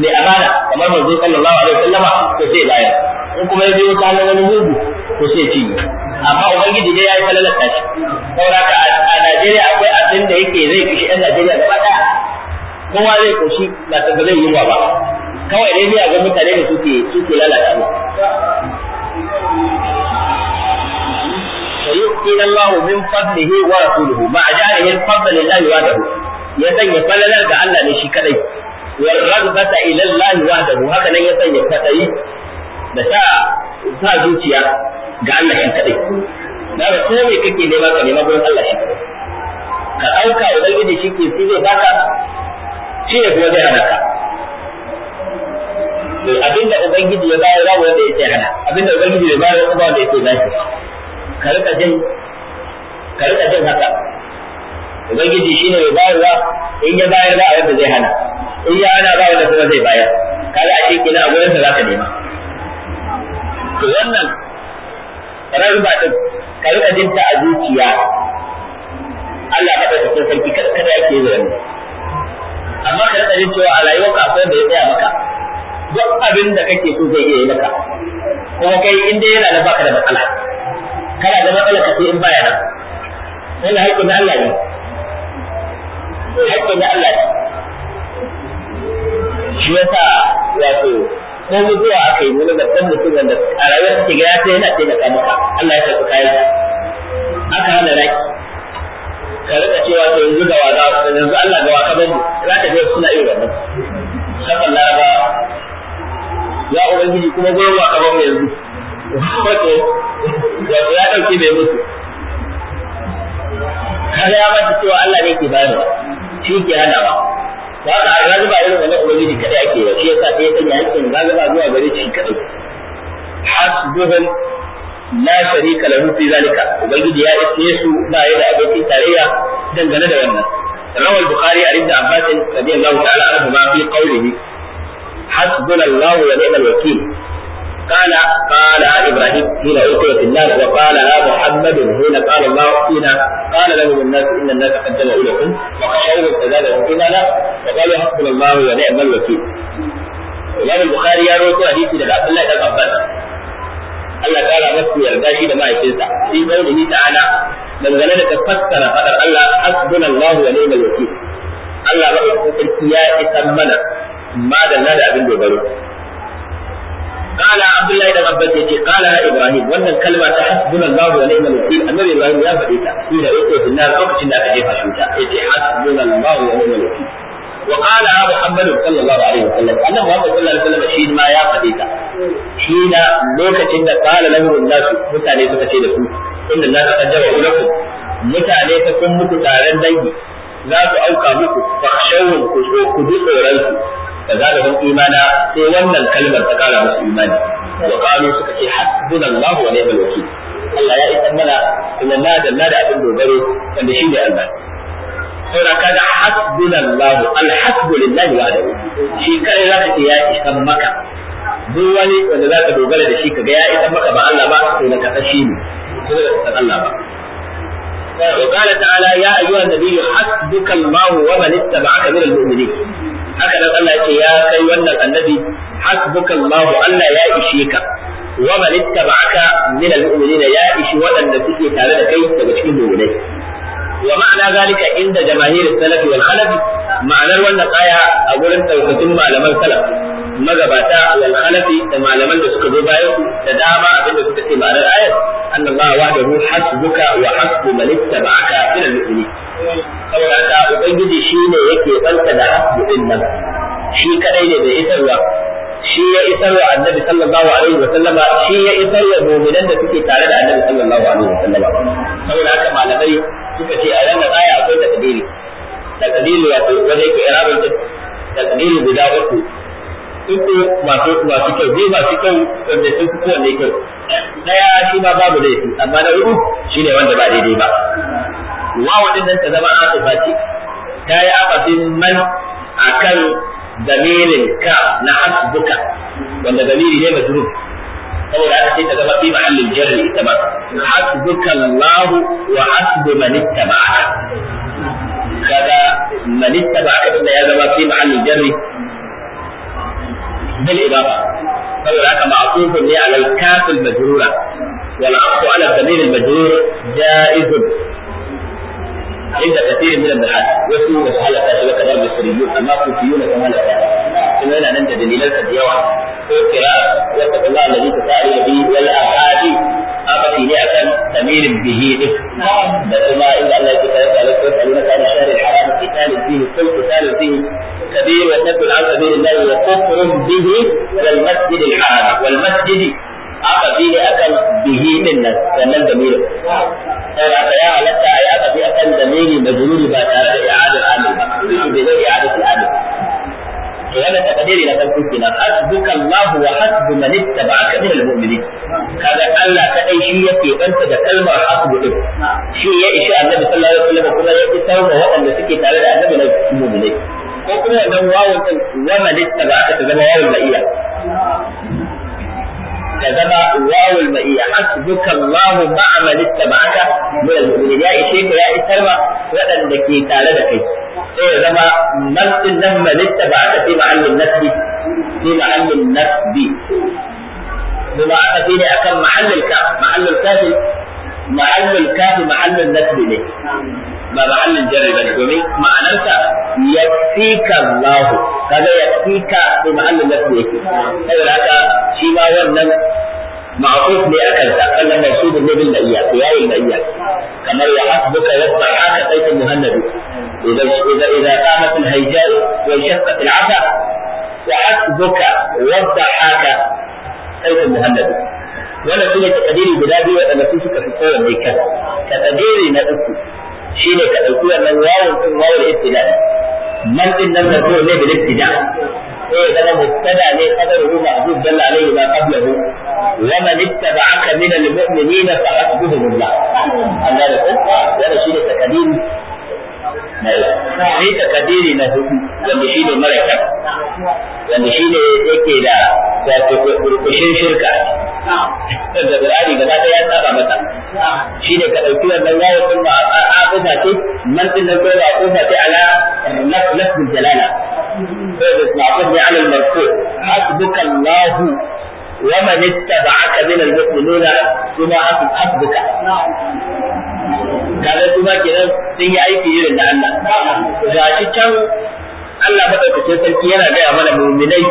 mai amana kamar manzo sallallahu alaihi wasallama to sai bayar in kuma ya biyo ta wani mugu to sai ci amma ubangiji dai yayi yi falalata shi saboda a Najeriya akwai abin da yake zai kishi ɗan Najeriya gaba ɗaya kowa zai koshi ba ta ba zai yi ba kawai dai ga mutane da suke suke lalata mu فيؤتينا الله من فضله ورسوله مع جعله الفضل لله وحده يزن فللر ده الله ne shi wal raghbata ila Allah wahdahu haka nan ya sanya kwadayi da sa sa zuciya ga Allah shi kadai da ba ko me kake nema ka nema gurin Allah shi kadai ka dauka ubangiji shi ke sai zai baka shi ne kuma zai hana abinda ubangiji ya bayar ba wanda yake hana abinda ubangiji ya bayar ba wanda yake zai ka rika ka rika jin haka ubangiji shine mai bayarwa in ya bayar ba a wanda zai hana in ya hana ba wanda kuma zai bayar kaga a cikin a gurin za ka nema to wannan rarraba din ka rika jin ta a zuciya Allah ka dauka cikin sarki kada yake yi wannan amma ka rika jin cewa a ka akwai da ya tsaya maka duk abin da kake so zai iya yi maka kuma kai in dai yana da baka da matsala kana da matsala ka sai in baya nan wannan haƙƙin Allah ne haƙƙi da Allah shi yasa wato ko zuwa aka yi wani babban mutum wanda a rayuwar take ga ya sai yana taimaka maka Allah ya tafi kayan aka hana naki. ka rika cewa to yanzu ga waza yanzu Allah ga waka bane za ka je suna yi wannan sakan laraba ya ubangiji kuma gurin waka bane yanzu wato wato ya dauke mai mutu kaga ya bata cewa Allah ne ke bayarwa shi ke hana ba da haka razuba irin wannan ubangiji kada ake yi shi yasa sai ya sanya hakkin razuba zuwa gare shi kadai hasbuhum la sharika lahu fi zalika ubangiji ya isne su ba ya da abokin tarayya dangane da wannan روى البخاري عن ابن عباس رضي الله تعالى عنهما في قوله حسبنا الله ونعم الوكيل قال قال ابراهيم حين القي في النار وقال محمد هنا قال الله فينا قال لهم الناس ان الناس قد جمعوا لكم وخشوهم فزادهم ايمانا وقالوا حسبنا الله ونعم الوكيل الإمام البخاري يا رويت حديثي لك عبد الله بن عباس Allah kara masu yarda shi da mahaifinsa shi kaunihi ta'ala dangane da fassara fadar Allah hasbuna Allah wa ni'mal wakil Allah ba sarki ya isan mana madalla da abin dogaro qala abdullahi dan abbas yace qala ibrahim wannan kalma ta hasbunallahu wa ni'mal ibrahim ya faɗe ina yake dinna lokacin da aka jefa shi ta yace hasbunallahu wa ni'mal wakeel wa qala muhammad sallallahu alaihi wasallam annabi muhammad sallallahu alaihi wasallam ya faɗe ta lokacin da qala lahu an-nas mutane suka da su inna an-nas qad mutane ta kun muku taron dangi za su auka muku fa shawun ku ku ji فزادهم إيمانا سيوانا الكلمة فقال مس إيمانا وقالوا سكتي حسبنا الله ونعم الوكيل Allah ya isa mana kuma na da na da abin dogaro wanda shi ne Allah. Saboda ka da hasbunallahu alhamdulillahi wa adahu shi kai za ka ce isan maka duk wani wanda za ka dogara da shi ka ga isan maka ba Allah ba to na kasa shi ne ko وقال تعالى يا أيها النبي حسبك الله ومن اتبعك من المؤمنين haka nan Allah ce ya kai wannan annabi hasbuka Allah Allah ya ishe ka wa man ittaba'aka min al-mu'minina ya ishi waɗanda suke tare da kai daga cikin mu'minai wa ma'ana zalika inda jamahir salafi wal halafi ma'anar wannan aya a gurin tausatin malaman salaf magabata wal halafi da malaman da suka zo bayan ku da dama abin da suka ce ma'anar ayar annallaha wahdahu hasbuka wa hasbu man ittaba'aka min al-mu'minin saboda haka ubangiji shine yake banta da hasbu din nan shi kadai ne bai isarwa shi ya isar wa annabi sallallahu alaihi wa sallama shi ya isar wa mu'minan da suke tare da annabi sallallahu alaihi wa sallama saboda haka malamai suka ce a ranar aya akwai takdiri takdiri wato wanda yake irabin takdiri guda uku uku masu masu kyau biyu masu kyau wanda sun fi kowanne kyau daya shi ma babu laifi amma na uku ne wanda ba daidai ba Wa din nan ta zama an tsofaci ta yi afasin man akan damirin ka na hasbuka wanda damiri ne mazruf saboda aka ce ta zama fi mahallin jarri ita ba hasbuka Allah wa hasbu man ittaba'aka kaga man ittaba'aka ya zama fi mahallin jarri بالإضافة فهو هناك معطوف على الكاف المجرورة والعطف على الضمير المجرور جائز عند كثير من المحاد وسوء وسهلة فاتوا كذلك المصريون أما كوفيون كما لا كان إننا ننجد أن يلسى الديوع وابتراء وابتراء الله الذي تفعل به والأرحاد أبقي نعفا تميل به ذكر بسما إلا أن الله تفعل على الكوفة لما كان الشهر الحرام القتال فيه كل قتال فيه كبير وسنة عن سبيل الله وكفر به والمسجد الحرام والمسجد fi ne akan bihimin nan sannan zamiri saboda haka ya halatta a yi akafi akan zamiri da zururi ba tare da i'adar amir ba su bai zai i'adar amir to yana takadiri na farko kenan hasbuka Allah wa hasbu man ittaba'aka min al-mu'minin kaga Allah kadai shi yake banta da kalmar hasbu din shi ya isha Annabi sallallahu alaihi wasallam kuma ya isar da waɗanda suke tare da Annabi na mu'minai ko kuma wannan wawun din wa man ittaba'aka ta zama wawun ma'iya ta zama mai ma'iyya hasbuka Allahu ma'a man ittaba'aka min al-mu'minin ya ishe ka ya isar ma waɗanda ke tare da kai sai ya zama man din nan man ittaba'aka fi ma'allin nasbi fi ma'allin nasbi kuma aka fi ne akan ma'allin ka ma'allin kafi ma'allin kafi ma'allin nasbi ne ba ma'allin jarri ba ne domin ma'anarsa yasika Allah kaga yasika to ma'allin lafi yake saboda haka shi ma wannan معطوف لي أكلت أنا موصول به بالمئية قيام المئية كما يحسبك يصنعك بيت المهند إذا إذا إذا قامت الهيجاء وانشقت العفا وحسبك وضحاك بيت المهند ولا سنة تقديري بلادي ولا في القوة الملكة كتقديري نفسي ne ka ɗauki wannan yawon din wawon ibtida man ɗin nan da ko ne bil ibtida eh kana mubtada ne qadaruhu ma'zub dalla alayhi ma qablahu wa man ittaba'aka min al-mu'minina fa hasbuhumullah Allah da kuma wannan ne takdir na uku sai takadiri na hudu wanda shi ne mara kyau wanda shi ne yake da wato kushin shirka da Qur'ani gaba ɗaya ya saba mata shi ne ka ɗauki wannan yawo sun ba a kusa ce man din nan kowa kusa ce ala nafsul jalala sai da ma'qul ne ala al-marfu hasbuka Allah ومن اتبعك من المؤمنون بما حسبك kaga su ba kenan sun yi aiki irin da Allah ga shi can Allah ce sarki yana gaya mana mu'minai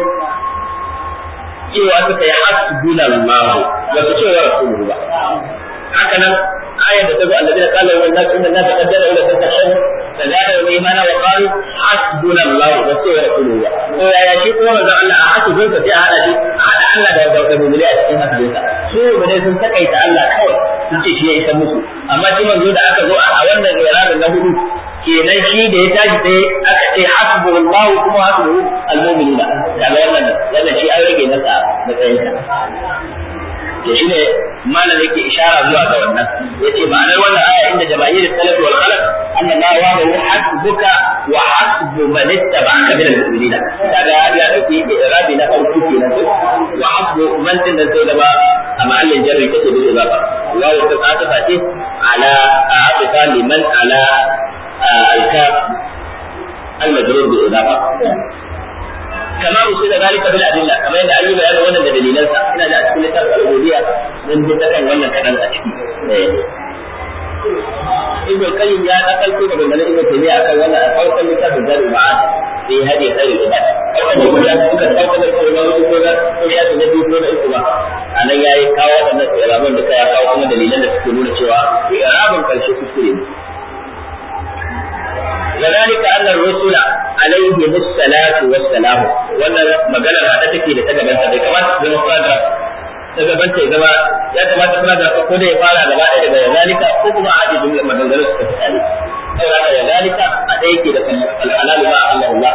cewa suka yi mawa ba su cewa rasuluhu ba haka nan ayar da ta zo alladina qala wa nasu inna nasa qad ja'u la tashahu fa la ya'lamu imana wa qalu hasbuna allah wa sayyid rasulullah to yaya shi kuma manzo Allah a hasbun sa sai a hada shi a hada Allah da da mu'mini a cikin hasbun sa su mu'mini sun takaita Allah kawai sun ce shi ya isa musu amma shi manzo da aka zo a wannan ranar na hudu kenan shi da ya tashi sai aka ce hasbu Allah kuma hasbu al-mu'minina daga wannan wannan shi an rage masa matsayin sa to shine malamin yake ishara zuwa ga wannan yace ma'anar wannan aya inda jama'ir salaf wal khalaf anna ma wa'ahu hasbuka wa hasbu man ittaba'aka min al-mu'minina daga ya dauki irabi na farko kenan wa hasbu man din da sai gaba a ma'allin jarri take da ba wa wa ta ta ce ala a'afa liman ala al-kaf al-majrur bi idafa kama rusu da zalika bil adilla kamar yadda an yi bayanin wannan da dalilan sa ina da cikin littafin al-ubudiyya mun ji ta kan wannan kadan a ciki ibn ya akalto da dalilan ibn taymiya akan wannan a farkon littafin zaru ma'ad sai hadi sai da wannan ne kuma suka dauka da kuma wani ko da ko ya da biyu ko da uku ba anan yayi kawo wannan tsiraman duka ya kawo kuma dalilan da suke nuna cewa irabun karshe kuskure وذلك أن الرسل عليهم الصلاة والسلام وأن مجال الراتب في لتجمع كما في مصادرة ta gabanta ya zama ya kamata kuna da ko da ya fara gaba ɗaya daga zalika ko kuma a ji jumlar maganganun su ta tsari saboda haka ya zalika a ɗaya ke da alhalalu ma Allah Allah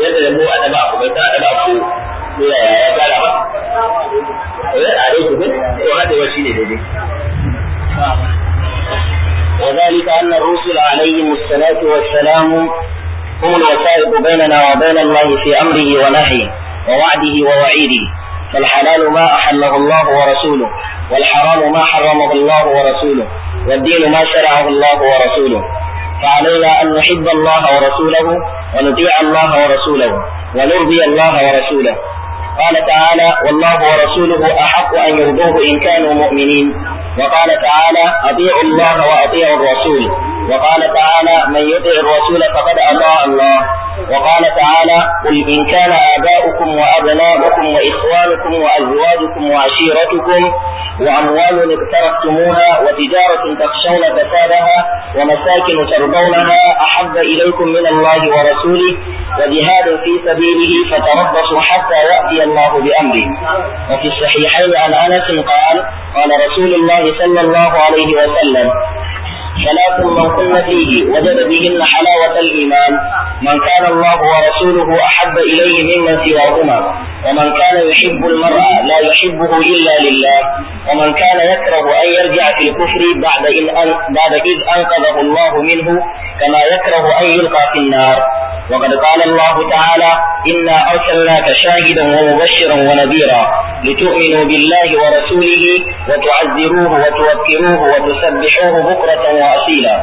yadda da mu a daba ku bai ta daba ku ko ya ya fara ba a dai ku ko hada wa daidai وذلك أن الرسل عليهم الصلاة والسلام هم الوسائط بيننا وبين الله في أمره ونهيه ووعده ووعيده فالحلال ما أحله الله ورسوله والحرام ما حرمه الله ورسوله والدين ما شرعه الله ورسوله فعلينا أن نحب الله ورسوله ونطيع الله ورسوله ونرضي الله ورسوله قال تعالى والله ورسوله أحق أن يرضوه إن كانوا مؤمنين وقال تعالى أطيعوا الله وأطيعوا الرسول وقال تعالى من يطع الرسول فقد أطاع الله وقال تعالى قل إن كان آباؤكم وأبناؤكم وإخوانكم وأزواجكم وعشيرتكم وأموال اقترفتموها وتجارة تخشون فسادها ومساكن ترضونها أحب إليكم من الله ورسوله وجهاد في سبيله فتربصوا حتى يأتي الله بأمري وفي الصحيحين عن أنس قال قال رسول الله صلى الله عليه وسلم ثلاث من كن فيه وجد بهن حلاوة الإيمان من كان الله ورسوله أحب إليه مما سواهما ومن كان يحب المرء لا يحبه إلا لله ومن كان يكره أن يرجع في الكفر بعد, إن أن بعد إذ أنقذه الله منه كما يكره أن يلقى في النار وقد قال الله تعالى إنا أرسلناك شاهدا ومبشرا ونذيرا لتؤمنوا بالله ورسوله وتعزروه وتوكروه وتسبحوه بكرة وأصيلا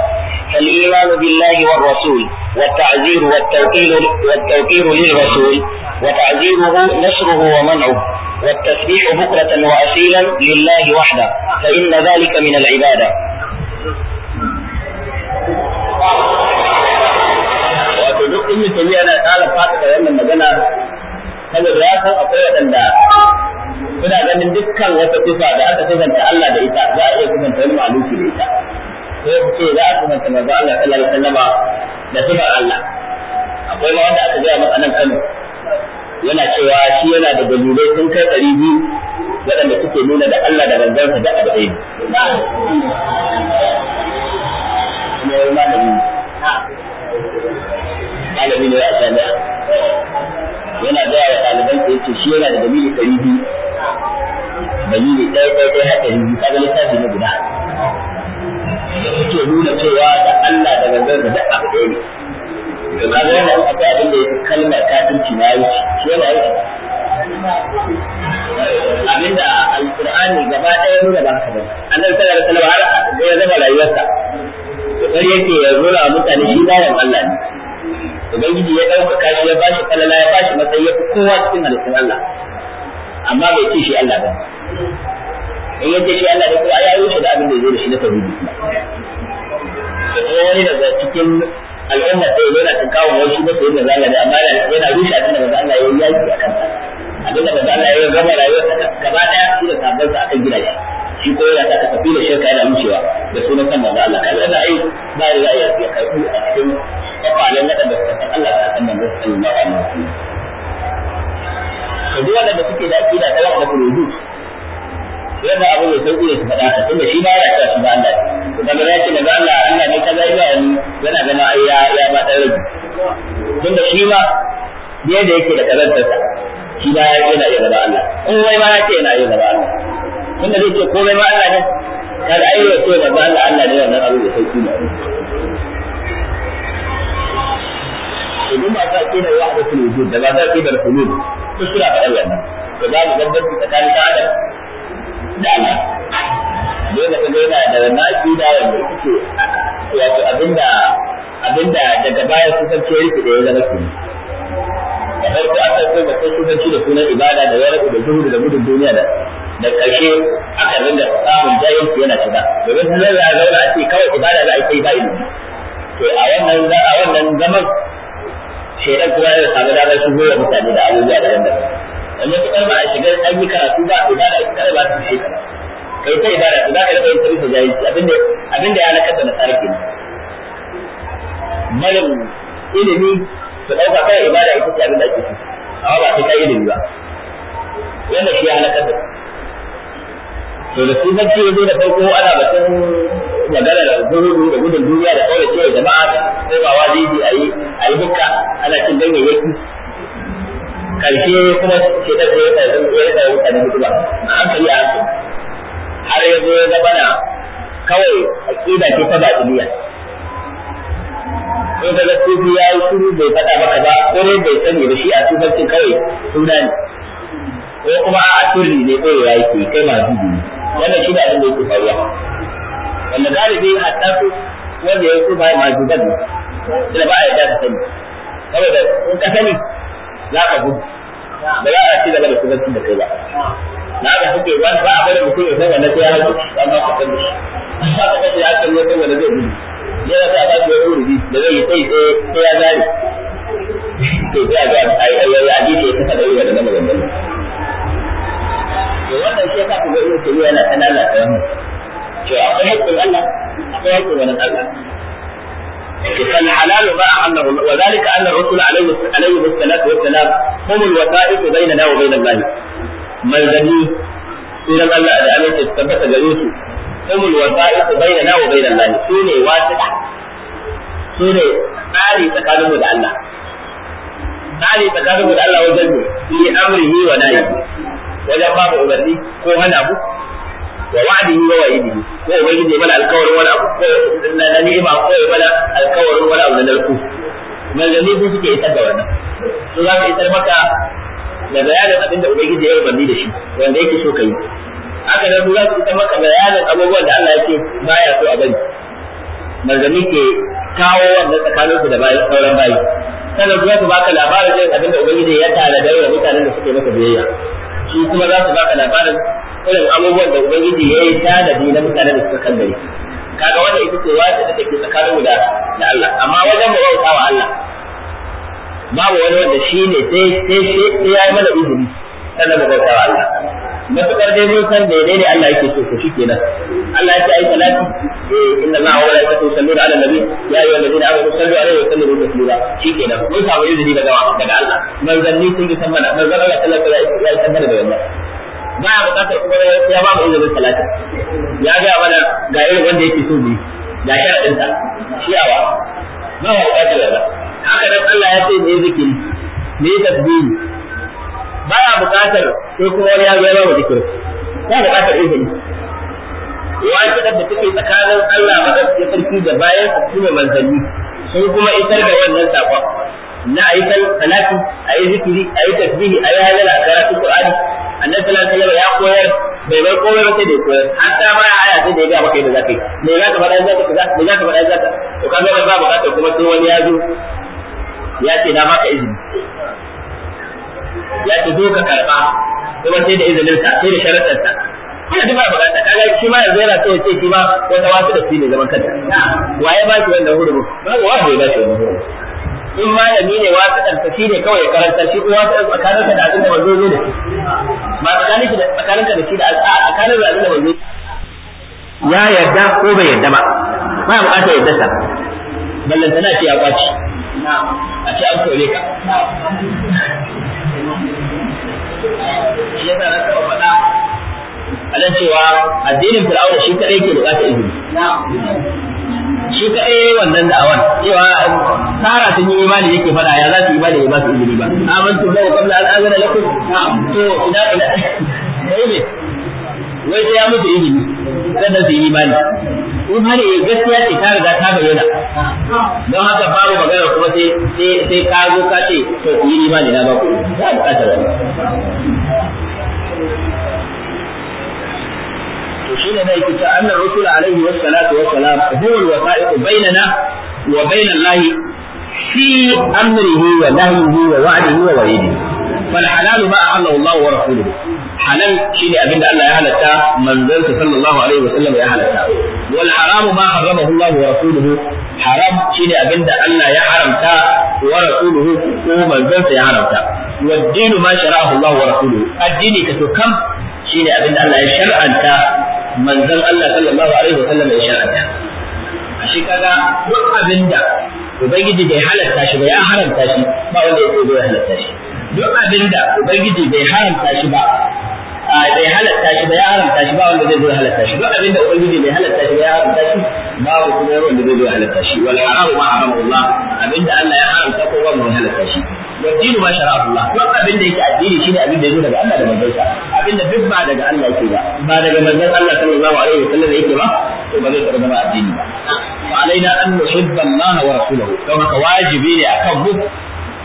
فالإيمان بالله والرسول والتعزير والتوقير, والتوقير للرسول وتعزيره نشره ومنعه والتسبيح بكرة وأصيلا لله وحده فإن ذلك من العبادة wato duk in mutum yana ƙara fata wannan magana saboda ya san akwai waɗanda suna ganin dukkan wata sifa da aka sifanta Allah da ita za a iya sifanta wani maluki da ita sai ku ce za a kumanta manzo Allah sallallahu alaihi da Allah akwai wanda aka gaya masa nan Kano yana cewa shi yana da dalilai sun kai ɗari biyu waɗanda suke nuna da Allah da manzansa da abu ɗaya malami ne yana gaya wa ɗaliban sa yace shi yana da dalilai ɗari biyu dalilai ɗaya ɗaya ɗaya ɗari biyu kaga littafi na guda da suke nuna cewa da Allah da gangan da duk abu ɗaya ne to kaga yana akwai abin da yake kalmar kafirci na yi shi yana yi abinda alqur'ani gaba ɗaya nuna ba haka ba annabi sallallahu alaihi wasallam har ya zama rayuwarsa sai yake ya zura mutane shi bayan Allah ne ubangiji ya ɗaukaka shi ya bashi kalala ya bashi matsayi ya fi kowa cikin halittun Allah amma bai ce shi Allah ba in yace shi Allah ne kuma ai ya rushe da abin da zai da shi na tauhidi daga cikin al'ummar sai yana cin kawo wani shi sai da zalla amma yana rushe abin da Allah ya yi a kansa abin da Allah ya gama gaba daya shi da sabon sa akan gidaje shi ko yana ta tafi da shirka yana da sunan manzo Allah ai ba ya a cikin da da Allah san manzo suke da akida ta yana abu mai sauƙi ne faɗa ka tunda shi ba ya ta shi ba Allah ya ce daga Allah Allah ne kaza ya yana gama ai ya ya ba dan rabi tunda shi ma da da yake da kazantarsa shi ba ya yana yi gaba Allah in ma ya ce yana yi gaba Allah tunda zai ce komai ma Allah ne kada ai ya ce gaba Allah Allah ne wannan abu mai sauƙi ne domin ba ta kira ya haɗa su da ba ta kira da su ne su suna faɗar wannan to za mu bambanci tsakanin ta adam da Allah dole ka yana da wannan aqida wanda yake wato abinda abinda daga baya su san ce yake da ya zama sunna da farko aka so ba sai kusan ci da sunan ibada da ya rabu da zuhudu da gudun duniya da da ƙarshe aka rinda samun jahilci yana shiga domin sun zai zauna a ce kawai ibada za a yi sai ba ilimi to a wannan a wannan zaman shaidan kuma ya samu damar shigo da mutane da abubuwa da daban matuƙar ba a shiga an yi karatu ba a su ita ba shi ka kai ta ibada za ka rika yin ta bisa abinda abinda ya nakasa na tsari kenan malam ilimi su ɗauka kai ibada ita ce abinda ake so amma ba sai ka ilimi ba wannan shi ya nakasa to da su bacci ya zo da farko ana batun magana da zuhudu da gudun duniya da kawai cewa jama'a sai ba wajibi a yi a yi bukka ana cin ganyayyaki karshe kuma ce da zai ta zai ya tsaya mutane mutuwa a hankali a hankali har ya zo ya zama na kawai aqida ce ta batiniya in ka ga sufi ya yi shiru bai faɗa maka ba ko dai bai sani da shi a sufanci kawai suna ne ko kuma a turri ne ko ya yi kai ma zubi wannan shi da abin da yake faruwa wanda galibi hatta su wanda ya yi sufa ma zubar ne da ba a yarda ka sani in ka sani za ka gudu ba za a ci gaba da kudancin da kai ba na ga hake ba ba a bada mutum ya san wanda sai ya hau ba ma san shi ba ka kace ya san wanda wanda zai gudu ya ga ba shi wani rubi da zai yi sai sai ya zari to sai ga ai ai ya a to saka da yi wannan maganganun to wannan shi ka ga yana kanana ta wannan to akwai hakkin Allah akwai hakkin Allah فالحلال راى انه وذلك ان الرسول عليه عليه الصلاه والسلام هم الوسائط بيننا وبين الله manzanni sunan Allah da aminci su tabbata gare su umul wasa'iq bainana wa bain Allah su ne wasiqa su ne tsari tsakanin mu da Allah tsari tsakanin da Allah wajen ne fi amrihi wa wajen babu umarni ko hana mu wa wa'dihi wa wa'idihi ko ubangiji ya bala alkawarin wani abu ko na ni'ima ko ya bada alkawarin wani abu na narku manzanni sun suke isar da wannan su za ka isar maka da bayanin abin da ubangiji ya yi umarni da shi wanda yake so ka yi haka nan za su isar maka bayanin abubuwan da Allah ya ce baya so a bari manzanni ke kawo wannan tsakanin ku da sauran bayi sannan kuma su baka labarin abin da ubangiji ya tare da mutanen da suke masa biyayya su kuma za su baka labarin irin abubuwan da ubangiji ya yi ta tanadi na mutanen da suka kan gari kaga wannan ita ce wata da take tsakanin guda da Allah amma wajen mu bauta wa Allah babu wani wanda shine ne sai sai sai ya yi mana izini sannan mu bauta wa Allah matuƙar dai mun san ne Allah yake so ko shikenan Allah yake ai salati eh inna Allah wa malaikatahu yusalluna ala nabi ya ayyuhal ladina amanu sallu alaihi wa sallimu taslima shikenan mun samu izini daga daga Allah manzanni sun yi sammana manzan Allah sallallahu alaihi wa sallam ya sammana da wannan ba a bukatar kuma ya ba mu izinin salati ya ga mana ga irin wanda yake so ne ga sharadin sa ciyawa ba a bukatar ba haka nan Allah ya ce ne zikiri ne tasbihi baya buƙatar sai kuma wani ya zo ya ba zikiri ba buƙatar izini wajibin da take tsakanin Allah ba da sarki da bayan sa kuma manzanni sai kuma isar da wannan sakon na a yi salati a yi zikiri a yi tasbihi a yi halala a karatu qur'ani annabi sallallahu alaihi wasallam ya koyar bai bai komai ba sai da koyar har ta ma aya sai da ya ga kai da zakai me za ka faɗa zaka kaza me za ka faɗa zaka to kaga ba buƙatar kuma sai wani ya zo ya ce na maka izini ya ce zo ka karba kuma sai da izinin sa sai da sharaɗar ta kuma duk ba ta kaga shi ma yanzu yana so ya ce shi ma wata wasu da shi ne zaman kanta waye ba shi wannan hurumu ba wa bai ba shi wannan hurumu in malami ne wasu ɗansa shi ne kawai ya karanta shi kuma wasu tsakanin tsakaninka da abin da wanzu zo da shi ba tsakaninka da shi da a tsakanin da abin da wanzu ya yarda ko bai yarda ba ba bukata yarda sa ballantana ce ya kwaci a ce an kore ka shi na taɓa faɗa a nan cewa addinin fir'auna shi kaɗai ke buƙatar izini shi kaɗai yayi wannan da'awar cewa tara sun yi imani yake faɗa ya za su yi imani ba su izini ba amantu lahu qabla an azana lakum to ina ina ne wai sai ya mutu ilimi sannan su yi imani in har yi eh, gaskiya ce ta riga ta bayyana don haka babu magana kuma sai sai ka zo ka ce to yi imani na ba ku za a ba wani to shi ne na yake ta annar rusula alaihi wassalatu wassalam huwal wasa'iqu bainana wa wa في wa ونهيه ووعده ووعيده فالحلال ما أحله الله ورسوله halal shi ne abinda Allah ya halatta manzansa sallallahu alaihi wa wasallam ya halatta wal haramu ma haramahu Allah wa rasuluhu haram shi ne abinda Allah ya haramta wa rasuluhu ko manzansa ya haramta wa dinu ma shara'ahu Allah wa rasuluhu addini ka to kam shi ne abinda Allah ya shar'anta manzan Allah sallallahu alaihi wa wasallam ya shar'anta shi kaga duk abinda da ubangiji bai halatta shi ba ya haramta shi ba wanda ya zo ya halatta shi duk abinda da ubangiji bai haramta shi ba bai halatta shi ba ya haramta shi ba wanda zai zo halatta shi duk abin da ubangiji bai halatta shi ba ya haramta shi babu kuma wanda zai zo halatta shi wal haram ma harama Allah abin da Allah ya haramta ko ba mu halatta shi wa dinu ma shara'a Allah duk abin da yake addini shine abin da ya zo daga Allah da manzon sa abin da duk ba daga Allah yake ba ba daga manzon Allah sallallahu alaihi wasallam yake ba to ba zai karɓa ba addini ba alaina an nuhibba Allah wa rasulahu don haka wajibi ne akan mu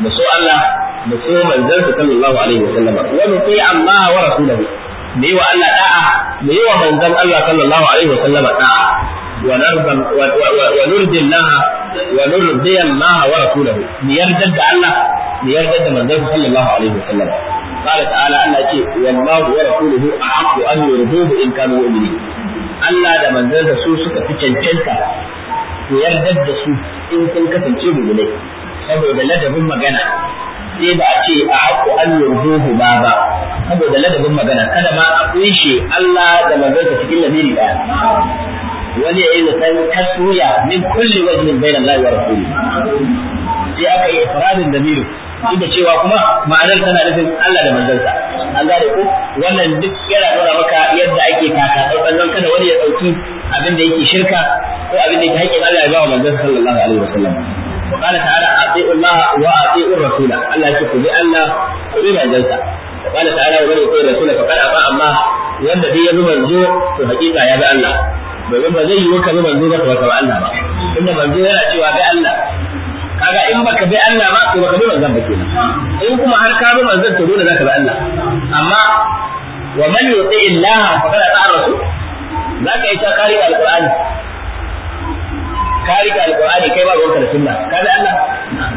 mu so Allah mu so manzansa sallallahu alaihi wasallam wa nuti Allah wa rasulahu mu yi wa Allah da'a mu yi wa manzan Allah sallallahu alaihi wasallam da'a wa narda wa Allah wa nurdi Allah wa rasulahu da Allah sallallahu alaihi قال تعالى الله يقول والله ورسوله أحق أن يرضوه إن كانوا مؤمنين Allah da manzansa su suka fi cancanta ku yarda da su in sun kasance ne. saboda ladabin magana sai ba a ce a haƙƙo an yurduhu ba ba saboda ladabin magana kada ma a kunshe Allah da magana cikin lamiri ɗaya wani ya yi zaton kasuya min kulli wajhin bainan Allah wa rasuli sai aka yi ifradin damiru duk cewa kuma ma'anar tana nufin Allah da manzansa an gane ko wannan duk yana nuna maka yadda ake taka tsantsan kada wani ya ɗauki abin da yake shirka ko abin da yake haƙƙin Allah ya ba wa manzansa sallallahu alaihi wasallam وقال تعالى اطيعوا الله واطيعوا الرسول الله يشكر بان بما جلسه وقال تعالى ومن يطيع الرسول فقد اطاع الله wanda في ya bi manzo to hakika ya Allah domin ba zai yi ka bi manzo ba ka bi Allah ba inda manzo yana cewa bi Allah kaga in baka bi Allah ba to baka bi manzon ba kenan in kuma har ka bi manzon to dole zaka bi Allah amma wa man yuti illaha zaka yi ta alqur'ani ka rika alqur'ani kai ba ruwanka da sunna ka bi Allah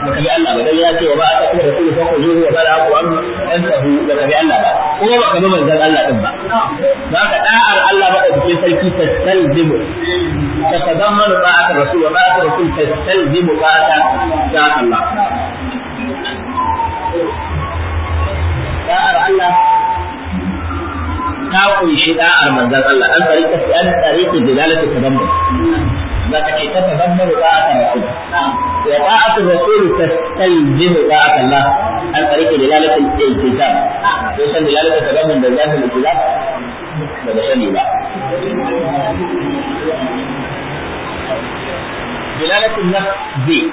baka bi Allah ba dan ya ce wa ba aka kuma rasulu fa kuzuhu wa bala aku an antahu baka bi Allah ba kuma baka bi manzon Allah din ba zaka da'ar Allah ba cikin sarki tastalzimu tatadamman ba'at rasul wa ba'at rasul ba ba'at da Allah da'ar Allah ta kunshi da'ar manzon Allah an tsarika an tsarika dalalatu tadammum لكن تتضمن طاعة الرسول وطاعة الرسول تستلزم طاعة الله عن طريق دلالة الالتزام يوصل دلالة التضمن دلالة الالتزام هذا شيء لا دلالة النفس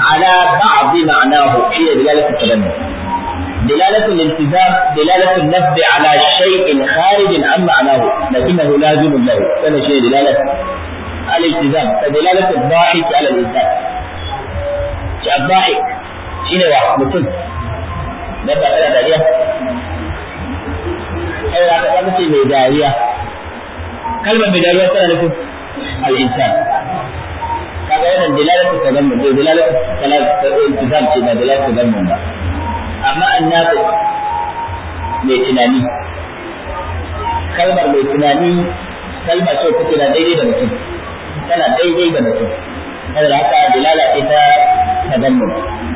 على بعض معناه هي دلالة التضمن دلالة الالتزام دلالة النفس على شيء خارج عن معناه لكنه لازم له هذا شيء دلالة al-iltizam fa dalalatu dhahik ala al-insan shi dhahik shine wa mutum da ba da dariya ai da ka kace mai dariya kalmar mai dariya tana nufin al-insan kaga wannan dalalatu tazammun da eh, dalalatu dalalatu iltizam ce ba dalalatu tazammun ba amma annabi mai tunani kalmar mai tunani kalma ce take da daidai da mutum tana daidai da mutum saboda haka dilala ita ta tabammum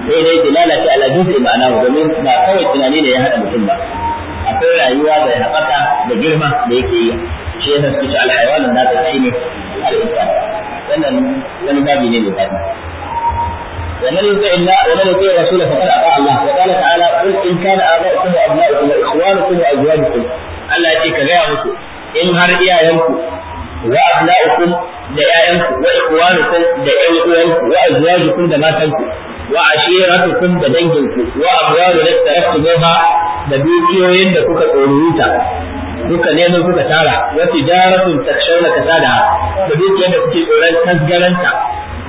sai dai dilala ta ala juzi ma'ana domin ba kawai tunani ne ya hada mutum ba akwai rayuwa da haɓaka da girma da yake yi shi yasa suke ci hayawan da ta shine al'insan wannan wani babi ne mai ba ومن يطع الله ومن يطيع الرسول فقد اطاع الله وقال تعالى قل ان كان اباؤكم وابناؤكم واخوانكم وازواجكم الا يأتيك غير ان هر iyayenku وأبناؤكم abna'ukum da ƴaƴanku وأزواجكم ikhwanukum da ƴan uwanku wa azwajukum da matanku wa ashiratukum da danginku wa amwalu la da dukiyoyin da kuka tsoruta kuka nemo kuka tara wa tijaratun na kasada da da kuke tsoron tasgaranta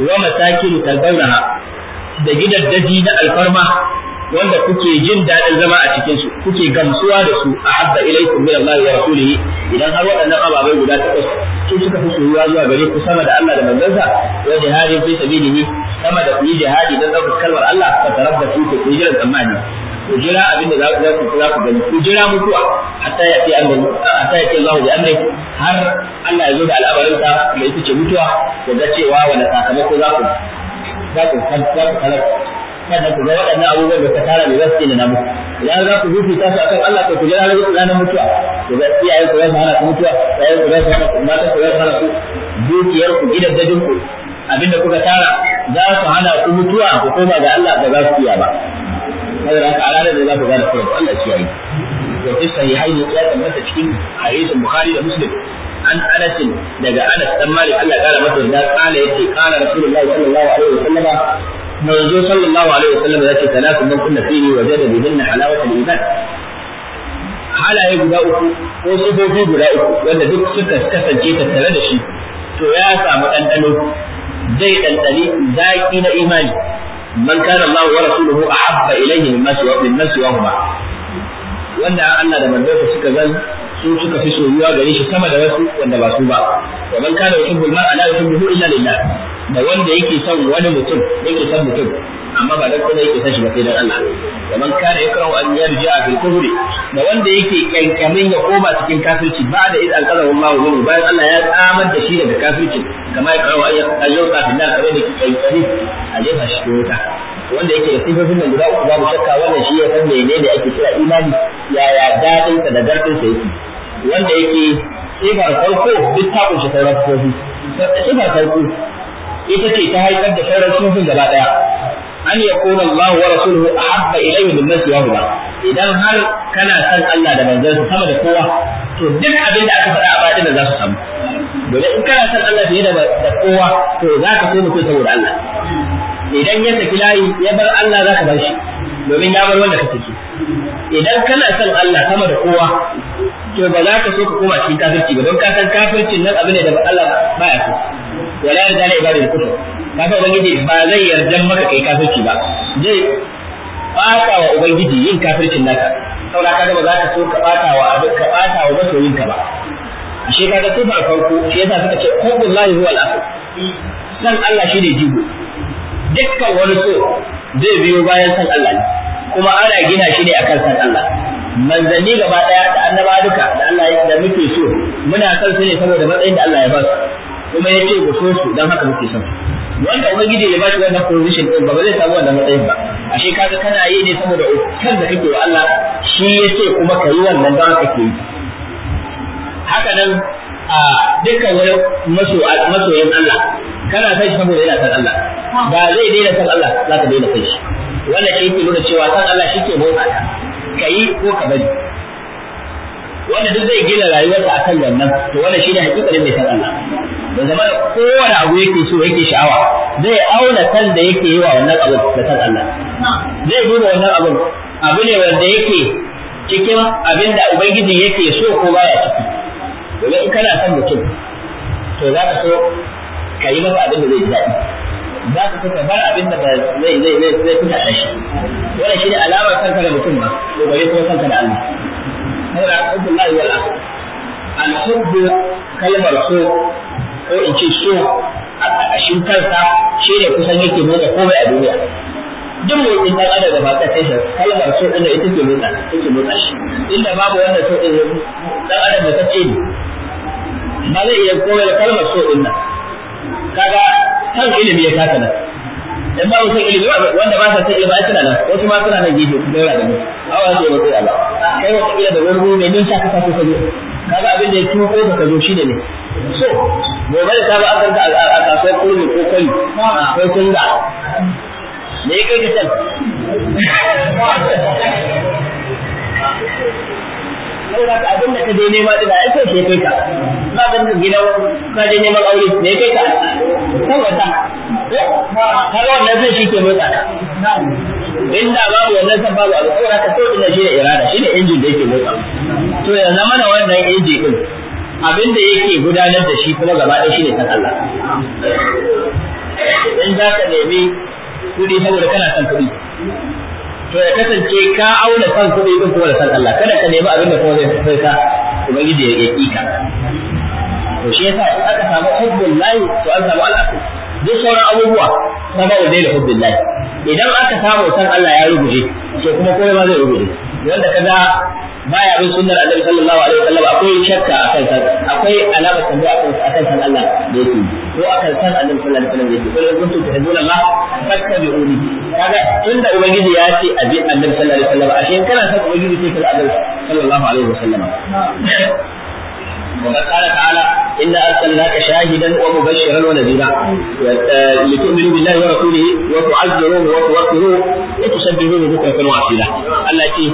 wa da gidan daji na alfarma wanda kuke jin daɗin zama a cikin su kuke gamsuwa da su a habba ilaikum min Allah wa rasulih idan har waɗannan ababai guda takwas su suka fi soyuwa zuwa gare ku sama da Allah da manzansa wa jihadin fi sabilihi sama da ku yi jihadi dan ɗaukar kalmar Allah fa tarabbatu ku yi jiran tsammani ku jira abin da za ku za ku gani ku jira mutuwa hatta ya ce Allah hatta ya Allah da har Allah ya zo da al'amarin sa da ita ce mutuwa ku ga cewa wanda sakamako za ku za ku za ku sannan ku ga waɗannan abubuwan da ka tara da gaske da na muku idan za ku zuci ta akan Allah to ku jira da ranar mutuwa ku ga iyayen ku za su hana ku mutuwa iyayen ku za su hana ku matan ku za su hana ku dukiyar ku gidan dajin ku abinda kuka tara za su hana ku mutuwa ku koma ga Allah ba za su iya ba saboda haka a ranar da za ku gane kuma Allah shi yayi to fi sahihaini ya tabbata cikin hadisin Bukhari da Muslim an Anas daga Anas dan Malik Allah ya kara masa da kala yace kala Rasulullahi sallallahu alaihi wasallam manzo sallallahu alaihi wasallam ya ce talatu man kunna fihi wa jada bihinna halawata iman halaye guda uku ko sifofi guda uku wanda duk suka kasance tattare da shi to ya samu ɗanɗano zai ɗanɗani zaƙi na imani man kana Allah wa rasuluhu ahabba ilayhi min maswa min maswa huma wanda Allah da manzon suka zan su suka fi soyuwa gare shi sama da wasu wanda ba su ba wa man kana yuhibbul mar'a la yuhibbuhu illa lillah da wanda yake son wani mutum yake son mutum amma ba dan kuma yake son shi ba sai dan Allah wa man kana yakrahu an yarji'a fil kufri da wanda yake kankamin ya koma cikin kafirci ba da idan qadahu Allahu lahu bayan Allah ya tsamar da shi daga kafirci kama ya karawa ayyau kafin da kare da ke kankani a jefa shi wuta wanda yake da sifofin nan guda uku babu shakka wannan shi ya san menene ake kira imani ya dadin sa da zartin sa yake wanda yake sifar farko duk ta kunshi sauran sifofi sifar farko ita ce ta haifar da sauran sufofin gaba daya an kuma Allah wa rasuluhu ahabba ilayhi min nafsi wa idan har kana san Allah da manzon sama da kowa to duk abin da aka faɗa a batin da za su samu dole in kana san Allah fiye da kowa to za ka so mutum saboda Allah idan ya saki layi ya bar Allah za ka bar shi domin ya bar wanda kake idan kana son Allah sama da kowa to ba za ka so ka koma cikin kafirci ba don ka san kafircin nan abin da Allah ba ya so wala yarda la ibadatu kufur ka san ubangiji ba zai yarda maka kai kafirci ba zai bata wa ubangiji yin kafircin naka saboda ka ba za ka so ka fata wa abin ka fata wa masoyinka ba ka kaga sifar farko shi yasa suka ce lahu wal ahad san Allah shi ne jigo dukkan wani so zai biyo bayan san Allah ne kuma ana gina shi ne akan san Allah manzanni gaba daya da annaba duka da Allah ya da muke so muna son su ne saboda matsayin da Allah ya ba su kuma ya ce ku so su dan haka muke son wanda ubangiji ya ba shi wannan position din ba zai samu wannan matsayin ba ashe kaga kana yi ne saboda kan da kake wa Allah shi ya ce kuma ka wannan dan haka ke yi haka nan a dukkan wani masoyin Allah kana san shi saboda yana san Allah ba zai daina san Allah za ka daina san shi wannan shi yake nuna cewa san Allah shi ke motsa ka kai ko ka bari wanda duk zai gina rayuwarsa akan wannan to wannan ne hakikalin mai san Allah da zama kowane abu yake so yake sha'awa zai auna san da yake yi wa wannan abu da san Allah zai duba wannan abu abu ne wanda yake cikin abin da ubangiji yake so ko baya ciki domin in kana son mutum to za ka so ka yi masa abin da zai yi daɗi za ka kuka bar abin da zai zai zai zai kuma da shi wannan shi ne alamar kanka da mutum ba to bare kuma kanka da Allah da hubbullahi ya akhir al hubbu kalmar so ko in ce so a ƙarƙashin kansa shi ne kusan yake motsa komai a duniya duk motsin dan adam da ba ta sai kalmar so din ita ke motsa ita motsa shi inda babu wannan so din dan adam da ta ce ba zai iya koyar kalmar so din nan kaga san ilimi ya kasa nan in ba san ilimi wanda ba sa san ilimi ai suna nan wasu ma suna nan gefe kuma yana da mu awa sai ba sai Allah kai wata kila da wani ruwa ne don ta kasa ka zo kaga abin da ya tuno ko ka zo shine ne so gobe da ta ba akanta a kasuwar kurmi ko kai ko kunga me kai ka san saboda ka abin da ka je nema da ai sai kai ka ba ban ka gida ka je neman aure ne kai ka ko saboda har wannan zai shi ke mai tsada inda babu wannan san babu abu saboda ka so ina shi ne irada shi ne injin da yake motsa to ya zama na wannan injin din abin da yake gudanar da shi kuma gaba ɗaya shi ne san Allah in za ka nemi kuɗi saboda kana son kuɗi to ya kasance ka auna san kuɗi din kuma da san Allah kada ka nemi abin da kuma zai sai ka ubangiji ya yi ka to shi yasa in aka samu hubbul lahi to an samu al'aqu duk sauran abubuwa ba da da hubbul lahi idan aka samu san Allah ya rubuje to kuma kowa ma zai rubuje wanda kaga baya bin sunnar annabi sallallahu alaihi wasallam akwai shakka akan san akwai alama tambaya a kan san Allah da yake ko a kan san annabi sallallahu alaihi wasallam yake ko yanzu kuntum tahduna ma fattabi'uni kaga tunda ubangiji ya ce a bi annabi sallallahu alaihi wasallam ashe kana san ubangiji sai ka annabi sallallahu alaihi wasallam وقد قال تعالى إنا أرسلناك شاهدا ومبشرا ونذيرا لتؤمنوا بالله ورسوله وتعزروه وتوكلوه وتسبحوه بكرة وأصيلا التي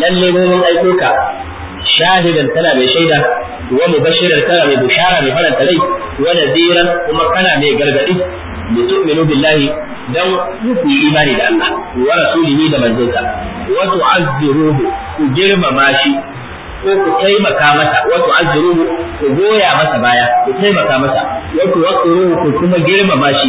للي من أيتوك شاهدا تلا بشيدا ومبشرا تلا ببشارة بفلا تلي ونذيرا وما كان بقرقدي لتؤمنوا بالله دو في إيمان الله ورسوله دمزيتا وتعزروه جرم ماشي ko ku taimaka masa wato azruhu ku goya masa baya ku taimaka masa wato wakuruhu ku kuma girmama shi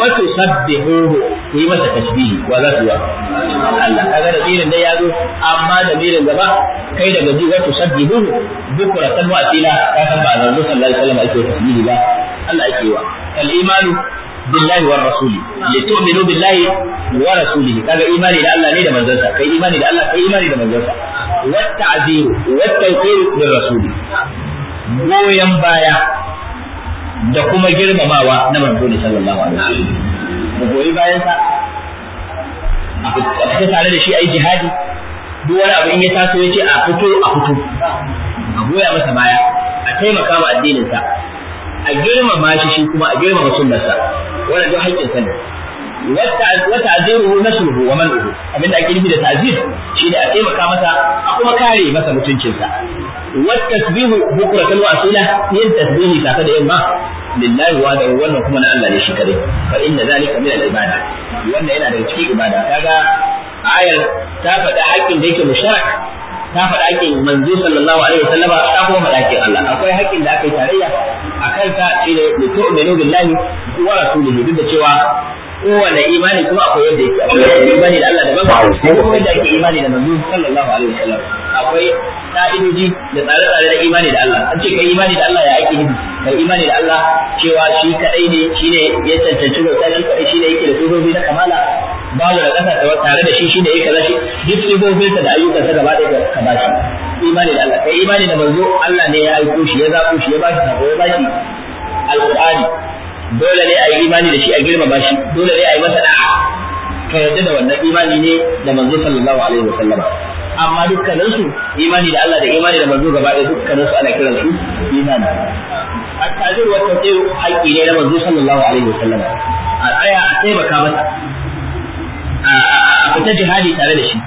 wato sabbihuhu ku yi masa tasbihi wa za su Allah kaga da tsirin dai ya zo amma da tsirin gaba kai daga ji wato sabbihuhu bukura san wa asila ka san ba da sallallahu alaihi wasallam ake tasbihi ba Allah ake wa al imanu billahi wa rasuli li tu'minu billahi wa rasulihi kaga imani da Allah ne da manzansa kai imani da Allah kai imani da manzansa wa ta'ziru wa tawqir bil rasuli goyen baya da kuma girmamawa na manzo sallallahu alaihi wasallam mu goyi bayan sa a fita tare da shi ai jihadi duk wani abu in ya taso ya ce a fito a fito a goya masa baya a taimaka ma addinin sa a girmama shi shi kuma a girmama sunnarsa wannan duk haƙƙin sa ne wata na nasruhu wa man'uhu abinda ake nufi da ta'zir ne a taimaka masa a kuma kare masa mutuncinsa wa tasbihu bukratan wa asila yin tasbihi safa da yamma lillahi wa da wannan kuma na Allah ne shi kare fa inna zalika min al-ibada wannan yana daga cikin ibada kaga ayar ta faɗa haƙƙin da yake musharak ta faɗa haƙƙin manzo sallallahu alaihi wasallam ta kuma faɗa haƙƙin Allah akwai haƙƙin da aka yi tarayya a kansa shine da tu'minu billahi wa rasulihi duk da cewa kowane imani kuma akwai yadda yake akwai yadda imani da Allah daban akwai kuma yadda ake imani da manzo sallallahu alaihi wasallam akwai ka'idoji da tsare-tsare da imani da Allah an ce kai imani da Allah ya ake yi kai imani da Allah cewa shi kadai ne ne ya cancanci bauta shi kadai shine yake da sojoji na kamala babu da kasa tare da shi ne yake kaza shi duk ibobinsa da ayyukansa gaba ɗaya ka ba shi imani da Allah kai imani da manzo Allah ne ya aiko shi ya zaɓo shi ya ba shi sako ya ba shi alƙur'ani dole ne a yi imani da shi a girmama shi dole ne a yi masa da'a ka yarda da wannan imani ne da manzo sallallahu alaihi wa sallama amma dukkanin su imani da Allah da imani da manzo gaba ɗaya dukkanin su ana kiran su imani at-tazir wa tawqiru haƙƙi ne na manzo sallallahu alaihi wa sallama a tsaya a taimaka masa a fita jihadi tare da shi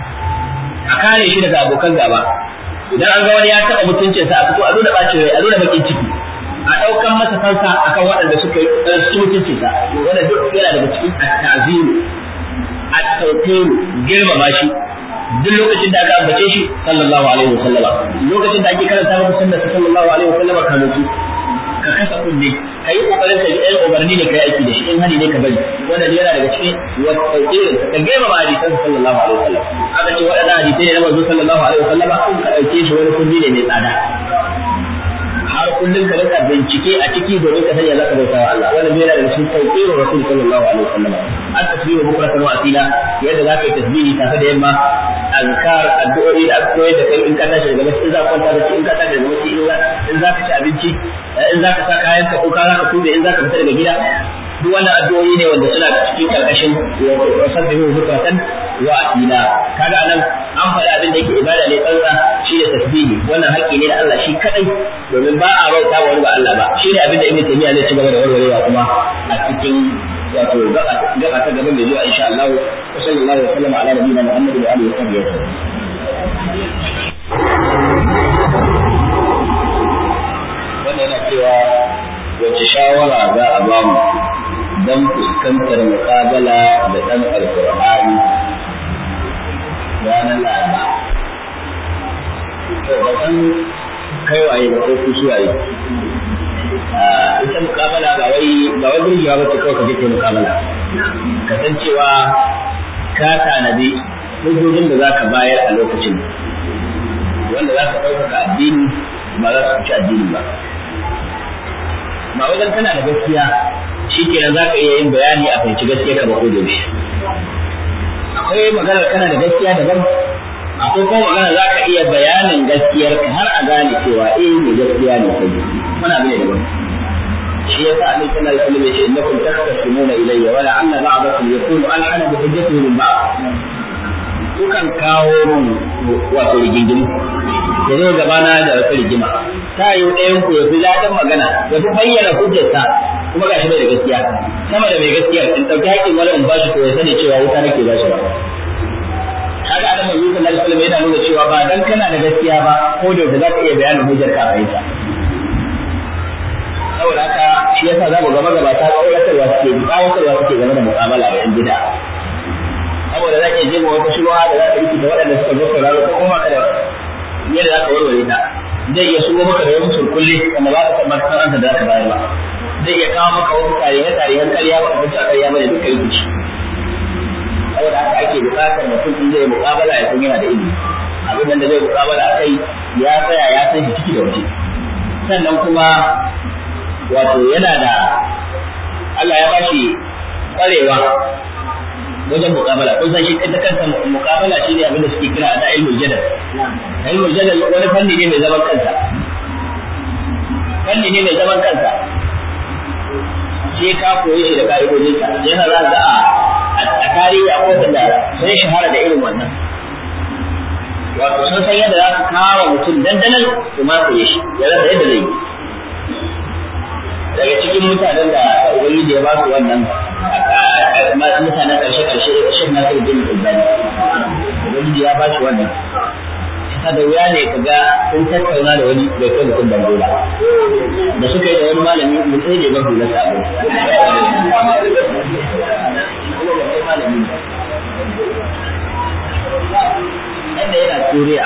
a kare shi daga abokan gaba idan an ga wani ya taɓa mutuncinsa a fito a nuna bacin rai a nuna bakin ciki a ɗaukan masa fansa akan waɗanda suka yi su mutunci sa wanda duk yana daga cikin ta'ziru a tawqiru girmama shi duk lokacin da aka ambace shi sallallahu alaihi wasallam lokacin da ake karanta maka sunnar sallallahu alaihi wasallam kan mutu ka kasa kunne ka yi kokarin ka yi umarni ne ka yi aiki da shi in ne ka bari wannan yana daga cikin wata irin ka gema ma hadisan sallallahu alaihi wasallam aka ce waɗannan hadisai ne na manzo sallallahu alaihi wasallam kun ka ɗauke shi wani kundi ne mai tsada har kullum ka rika bincike a ciki domin ka sanya zaka bauta wa Allah wannan yana da cikin tauqiru rasul sallallahu alaihi wasallam at-tasbihu bukratan wa asila yadda zaka yi tasbihi safe da yamma azkar addu'o'i da koyar da kai in ka tashi daga bacci in za ka kwanta da in ka tashi daga bacci in za ka ci abinci eh, in za ka sa kayan ka ko ka za ka tube in za ka fita daga gida duk wannan addu'o'i ne wanda suna cikin karkashin sabbihu bukratan wa asila kaga anan an faɗi abin da yake ibada ne tsantsa shi da tasbihi wannan haƙƙi ne da Allah shi kadai domin ba a rauta wa wani ba Allah ba shi ne abin da Ibn Taymiyyah zai ci gaba da warwarewa kuma a cikin wato gaba ta gaban da zuwa insha Allah wa sallallahu alaihi wa sallam ala nabiyina Muhammad wa alihi wa sahbihi wannan yana cewa wace shawara za a bamu don fuskantar muƙabala da ɗan alƙur'ani ranar laraba. To, ba san kai waye ba ko ku suwaye. Ita muƙabala ba wai ba wai burgewa ba ta kawai ka je muƙabala. Ka san cewa ka tanadi hujjojin da za ka bayar a lokacin wanda za ka ɗaukaka addini ba za su ci addini ba. Ba wajen kana da gaskiya shikenan za ka iya yin bayani a fahimci gaskiya ka bako da shi akwai magana kana da gaskiya daban akwai kuma magana za ka iya bayanin gaskiyar ka har a gane cewa eh ne gaskiya ne kai muna bane daban shi yasa annabi sallallahu alaihi sallam ya ce innakum tahtasimuna ilayya wa la'anna ba'dakum yakunu alhana bi hujjatihi min ba'd kukan kawo mun wato rigingimu da zai na da wata rigima ta yi ɗayan ku ya fi ladan magana ya fi bayyana hujjarsa kuma ga shi bai da gaskiya sama da mai gaskiya in ɗauki haƙƙin wani in bashi to ya sani cewa wuta nake ba shi ba haka adam mai da alaihi salam yana nuna cewa ba dan kana da gaskiya ba ko da za ka iya bayanin hujjar ka a ta saboda haka shi yasa za mu ga magabata ƙauratarwa suke ƙauratarwa suke game da mu'amala da yan gida saboda za ka je mu wata shirwa da za ka yi da waɗanda suka zo sauraro ko kuma ka da yadda za ka warware ta zai iya shigo maka da wani surkulle kuma ba ka tabbatar da za ka bayar ba zai iya kawo maka wasu tarihe tarihen karya ba abincin a karya bane duk kai shi saboda haka ake bukatar mutum in zai mukabala ya san yana da ilimi abin da zai mukabala a kai ya tsaya ya san shi ciki da waje sannan kuma wato yana da Allah ya bashi kwarewa wajen mukabala kun san shi ta kanta mukabala shine abin da suke kira da ilmul jadal ilmul jadal wani fanni ne mai zaman kansa fanni ne mai zaman kansa sai ka koyi shi da ka'idojin sa yana za ka a tarihi akwai wanda sun shahara da irin wannan wato sun san yadda za su kawo mutum dandanan su ma koyi shi ya rasa yadda zai yi daga cikin mutanen da da ya ba su wannan mutanen karshe karshe shi na sai jin ubangiji ya ba su wannan a da wuya ne ka ga sun tattauna da wani bai kai mutum bango ba da suka yi da wani malami mun tsaye ne ban hula sabo yadda yana turiya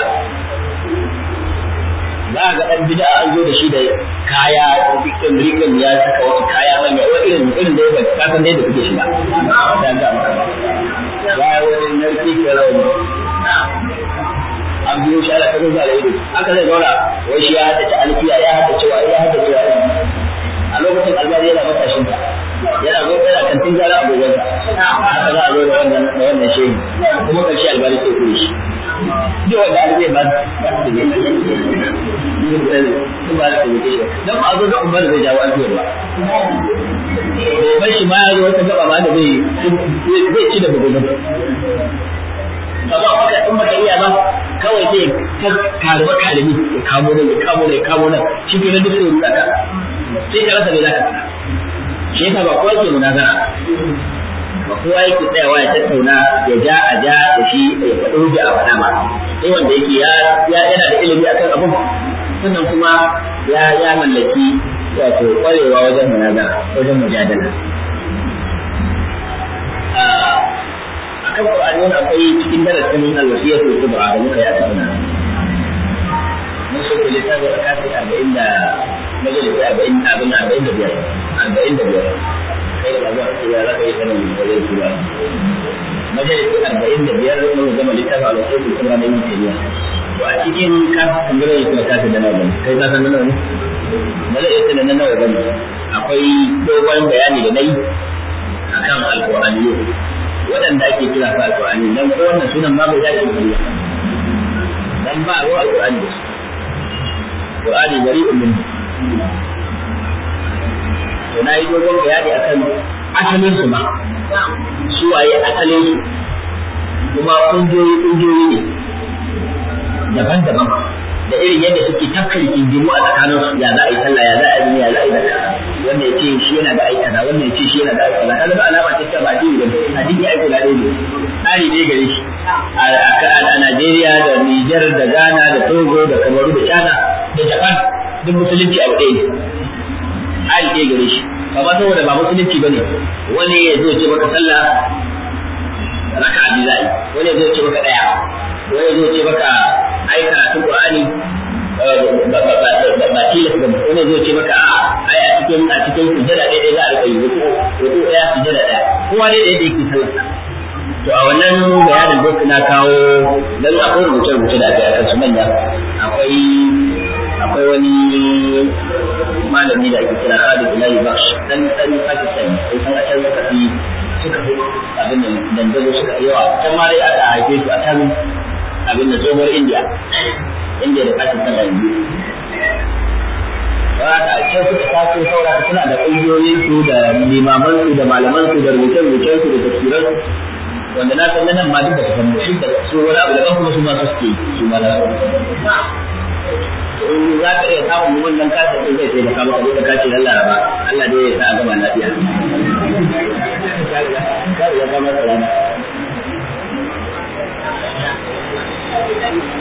za ga ɗan bida an zo da shi da kaya rikin rikin ya saka wasu kaya manya wani irin irin da ya ka san da kuke shiga da ga maka ba ya wani narki karawa an biyo shi kaza da ido aka zai zauna wai shi ya haddace alfiya ya haddace wa ya a lokacin albari yana matashin yana zo yana a gogon aka za a zo da wannan da wannan shehi kuma karshe albani sai kure shi duk wanda alfiya ba ne dan a da umar zai jawo alfiya ba bai shi ma ya zo wata gaba ma da zai zai ci da bugun amma haka in baka iya ba kawai sai ta karuwa kalimi ya kamo nan ya kamo nan ya kamo nan shi ke nan duk sai ruɗa ka sai ka rasa me za ka shi yasa ba kowa ke munazara ba kowa yake tsayawa ya tattauna ya ja a ja da shi ya faɗi hujja a faɗa ma sai wanda yake ya yana da ilimi akan abin sannan kuma ya ya mallaki wato kwarewa wajen munazara wajen mujadala ah, kan Qur'ani wani akwai cikin darasin alwasiya ko kubra da muka yi a cikin nan mun so kuli ta ga kafi 40 da majalis 40 abin da biyar kai da babu ya za ka yi sanin da zai tura da biyar mun gama littafin alwasiya ko kubra da muke yi to a cikin kafi kamar yadda ka kafi da nan kai ka san nan ne majalis na nawa ne. akwai dogon bayani da nayi akan alqur'ani waɗanda ake kira su alƙur'ani dan ko wannan sunan ma bai dace da dan ba ruwa alƙur'ani da su alƙur'ani bari'un min to na yi dogon bayani akan asalin su ma su waye asalin su kuma ƙungiyoyi ƙungiyoyi ne daban-daban da irin yadda suke tafkar jinjimu a tsakaninsu ya za a yi sallah ya za a yi ya za a yi zakka wannan ya ce shi yana da aikata wannan ya ce shi yana da aikata kaga ba alama ta ba addini ba addini ai kula dai tsari ne gare shi a Najeriya da Niger da Ghana da Togo da Kamaru da China da Japan duk musulunci a ɗaya ne tsari ɗaya gare shi amma saboda ba musulunci bane wani ya zo ce maka sallah raka'a biyu za'i wani ya zo ce maka ɗaya wani ya zo ce maka ai karatun Qur'ani ba tilas ba wani zai ce maka a ai a cikin a cikin sujada ɗaya za a rika yi wato wato ɗaya sujada ɗaya kowa dai ɗaya da yake sallah to a wannan bayanin da na kawo dan akwai rubuce rubuce da aka yi akan su manya akwai akwai wani malami da ake kira Khalid Bilal Baksh dan dan Pakistan sai san a can suka fi suka fi abin nan dandazo suka yawa can ma dai aka haife su a can abin da tsohuwar India in bai da katin sallah yanzu ba ta suka taso saura suna da ƙungiyoyin su da limaman su da malaman su da rubuce-rubucen su da tafsiran su wanda na san nan ma duk da kan mushi da su wani abu da kuma su ma su suke su ma za ka iya samun wannan kasa din zai da maka duk da kace dan laraba Allah dai ya sa a gama lafiya Thank you.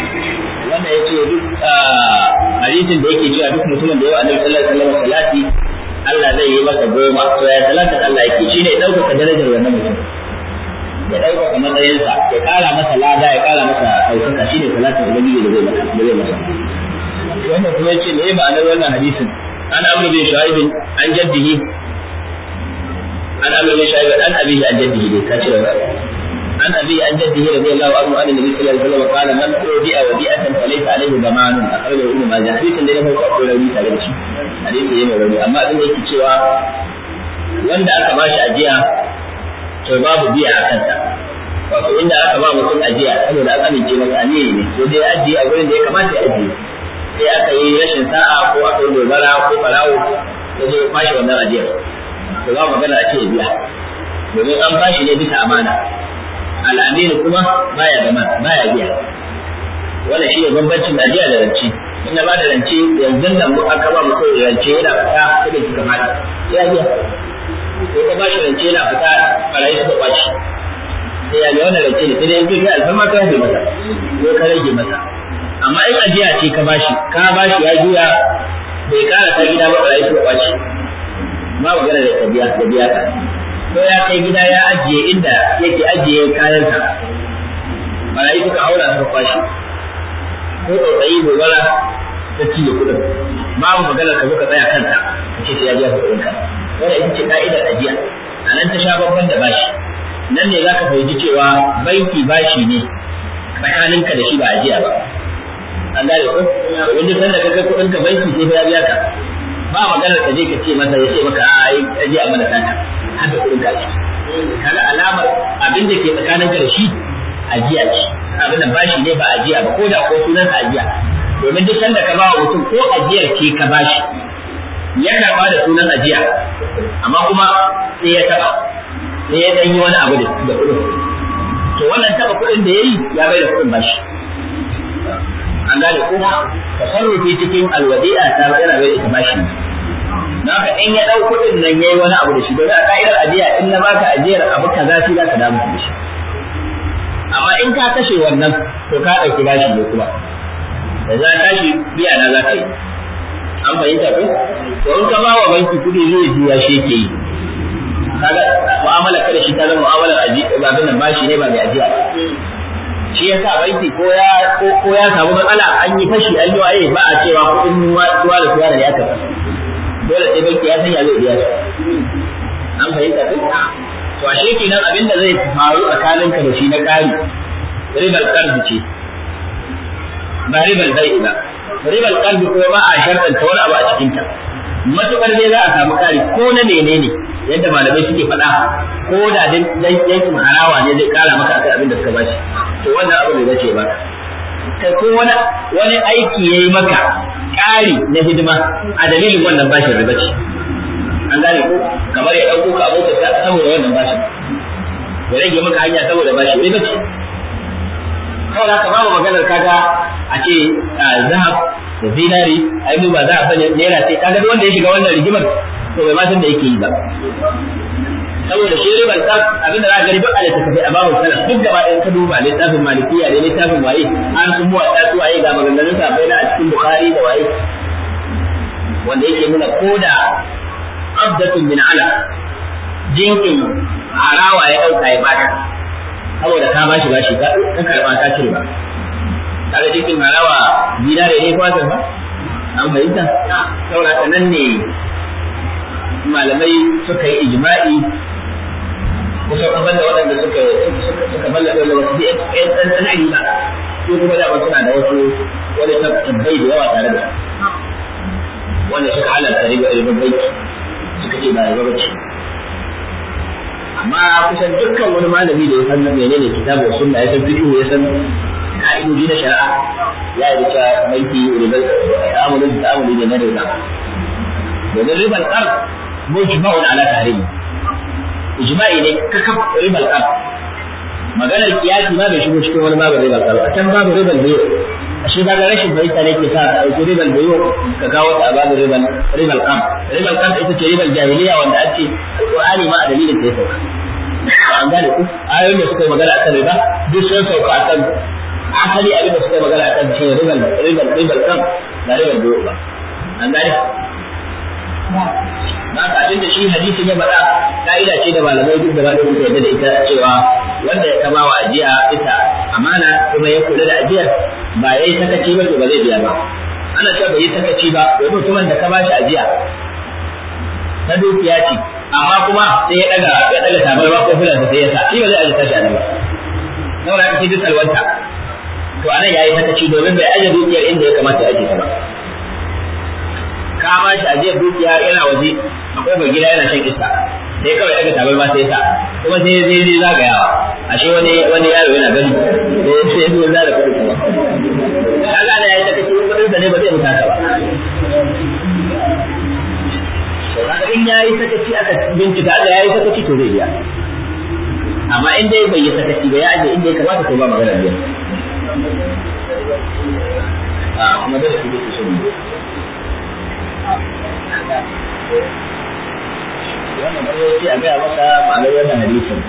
wanda ya ce duk hadisin da yake cewa duk mutumin da ya annabi sallallahu alaihi wasallam salati Allah zai yi masa goma to ya salatin Allah yake shine ɗaukaka darajar wannan mutum ya ɗaukaka matsayinsa ya ƙara masa lada ya ƙara masa Shi ne salatin ubangiji da zai masa da zai masa wannan kuma yace me ma'anar wannan hadisin an amru bin shu'aib an jaddihi an amru bin shu'aib an abihi an jaddihi dai ka ce عن أبي عن جده رضي الله عنه عن النبي صلى الله عليه وسلم قال من أودئ وديئة فليس عليه ضمان أخرجه ابن ماجه حديث الذي له أقول لي تعالى حديث يما ولي أما أبن يكي سوى wanda aka bashi ajiya to babu biya a kansa wato inda aka ba mutum ajiya saboda an amince masa alheri ne to dai ajiye a wurin da ya kamata ya ajiye sai aka yi rashin sa'a ko aka yi dogara ko farawo ko zai wannan ajiyar to ba magana a ya biya domin an bashi ne bisa amana al'aminu kuma baya gama baya biya wannan shi ne bambancin ajiya da rance ina ba da rance yanzu da mu aka ba mu kai rance yana fita kada ki da ya biya ko ka ba shi rance yana fita barayi suka kwaci sai ya ga wannan rance ne sai dai kai alfarma ka rage masa ko ka rage masa amma in ajiya ce ka ba shi ka ba shi ya juya bai kara ta gida ba barayi suka kwaci ba gana da biya da biya ka ko ya kai gida ya ajiye inda yake ajiye bala yi ka aura ka kwashi ko tsautsayi gobara ta cinye kuɗin babu maganar ka zo ka tsaya kanta ka ce sai ya kudin ka wannan ita ce ka'idar ajiya a nan ta sha babban da bashi nan ne za ka fahimci cewa banki bashi ne ka da shi ba ajiya ba an dare ko wanda duk sanda kaga kudin ka banki sai ya biya ka ba magana ka je ka ce masa ya ce maka a aje a mana sata haka kurin kaji kaga alamar abin da ke tsakanin ka da shi ajiya ce abin da bashi ne ba ajiya ba ko da ko sunan ajiya domin duk sanda ka ba wa mutum ko ajiyar ce ka bashi ya ba da sunan ajiya amma kuma sai ya taba sai ya dan yi wani abu da kudin to wannan taba kudin da yayi ya bai da kudin bashi an gane kuma tasarrufi cikin alwadi'a ta yana bai da bashi na haka in ya ɗau kuɗin nan yayi wani abu da shi za a ka'idar ajiya in na baka ajiyar abu kaza shi za ka damu da shi amma in ka kashe wannan to ka dauki bashi ne kuma da za ka shi biya na za ka yi an fahimta ko to in ka ba wa banki kuɗi zai juya shi ke yi kaga mu'amala kada shi ta zama mu'amalar ajiya ba nan bashi ne ba mai ajiya shi ya sa banki ko ya ko ya samu matsala an yi fashi an yi waye ba a cewa kuɗin ruwa da tuwa da ya tafi dole sai banki ya san zai biya an fahimta ko to ashe kenan abin da zai faru a ka da shi na kari ribar karbi ce ba ribar zai ba ribar karbi ko ba a ta wani abu a cikinta matukar dai za a samu kari ko na menene yadda malamai suke faɗa ko da dan yankin harawa ne zai kara maka akai abin da suka bashi to wannan abu bai zace ba kai ko wani wani aiki yayi maka ƙari na hidima a dalilin wannan bashin riba ce an gane ko kamar ya ɗauko ka abokan ta saboda wannan bashin ya rage maka hanya saboda bashin riba ce saboda haka babu maganar kaga a ce zahab da zinari ai mu ba za a bane naira sai kaga wanda ya shiga wannan rigimar to bai ma san da yake yi ba saboda shi riba lissaf abinda za a gani duk a littattafai a babu salaf duk gaba in ka duba littafin malikiya ne littafin waye an sun muwa ɗasu waye ga maganganun sahabbai na a cikin bukhari da waye wanda yake nuna koda abdatun min ala jinkin arawa ya ɗauka ya bata saboda ka bashi bashi ka karɓa ka cire ba kaga jinkin harawa dinare ne kwasan ba an fahimta saboda nan ne malamai suka yi ijma'i kusan ban da waɗanda suka suka mallaka da wasu ɗan ɗan tsanani ba su kuma da suna da wasu wani tabbai da yawa tare da wanda suka halarta riba riba bai suka ce ba riba bace amma kusan dukkan wani malami da ya san menene kitabu sunna ya san fiqh ya san ka'idoji na shari'a ya yi ta maiki riba ta'amuli ta'amuli da na riba domin riba al-ard mujma'un ala tahrimi ijma'i ne ka kakaf ribal qab maganar kiyasi ma bai shigo cikin wani babu ribal qab a can babu ribal biyu a shi daga rashin fahimta ne ke sa ka ɗauki ribal biyu ka kawo ta a babu ribal ribal qab ribal qab ita ce ribal jahiliya wanda an ce alqur'ani ma a dalilin ta ya sauka an gane ku ayoyin da suka yi magana akan riba duk sun sauka akan asali abin da suka yi magana akan shi ribal ribal ribal qab ba ribal biyu ba an gane Maka abin da shi hadisin ya faɗa ka'ida ce da malamai duk da malamai suka yarda da ita cewa wanda ya kama wa ajiya ita amana kuma ya kula da ajiyar ba ya yi sakaci ba to ba zai biya ba ana cewa bai yi sakaci ba domin mutumin da ka ba shi ajiya Na dukiya ce amma kuma sai ya ɗaga ya daga tabarwa ko fulan sai ya sa shi ba zai ajiye tashi ba saboda haka shi duk alwanta to anan yi sakaci domin bai ajiye dukiyar inda ya kamata ya ajiye ta ba Ka ma shi ajiyar dukiya yana waje a kofar gida yana shan iska sai kawai aka tabar ma sai ta kuma sai zai zai zagayawa ashe wani wani yaro yana gani sai sai zai da kuɗi kuma kaga ana yayin da kake kuɗin sa ne ba zai mutaka ba in ya yi sakaci aka bincika Allah ya yi sakaci to zai biya amma in dai bai yi sakaci ba ya aje inda ya kamata to ba magana biya ah, kuma dole su ne. wannan kuma yace a gaya maka ma'anar wannan hadisin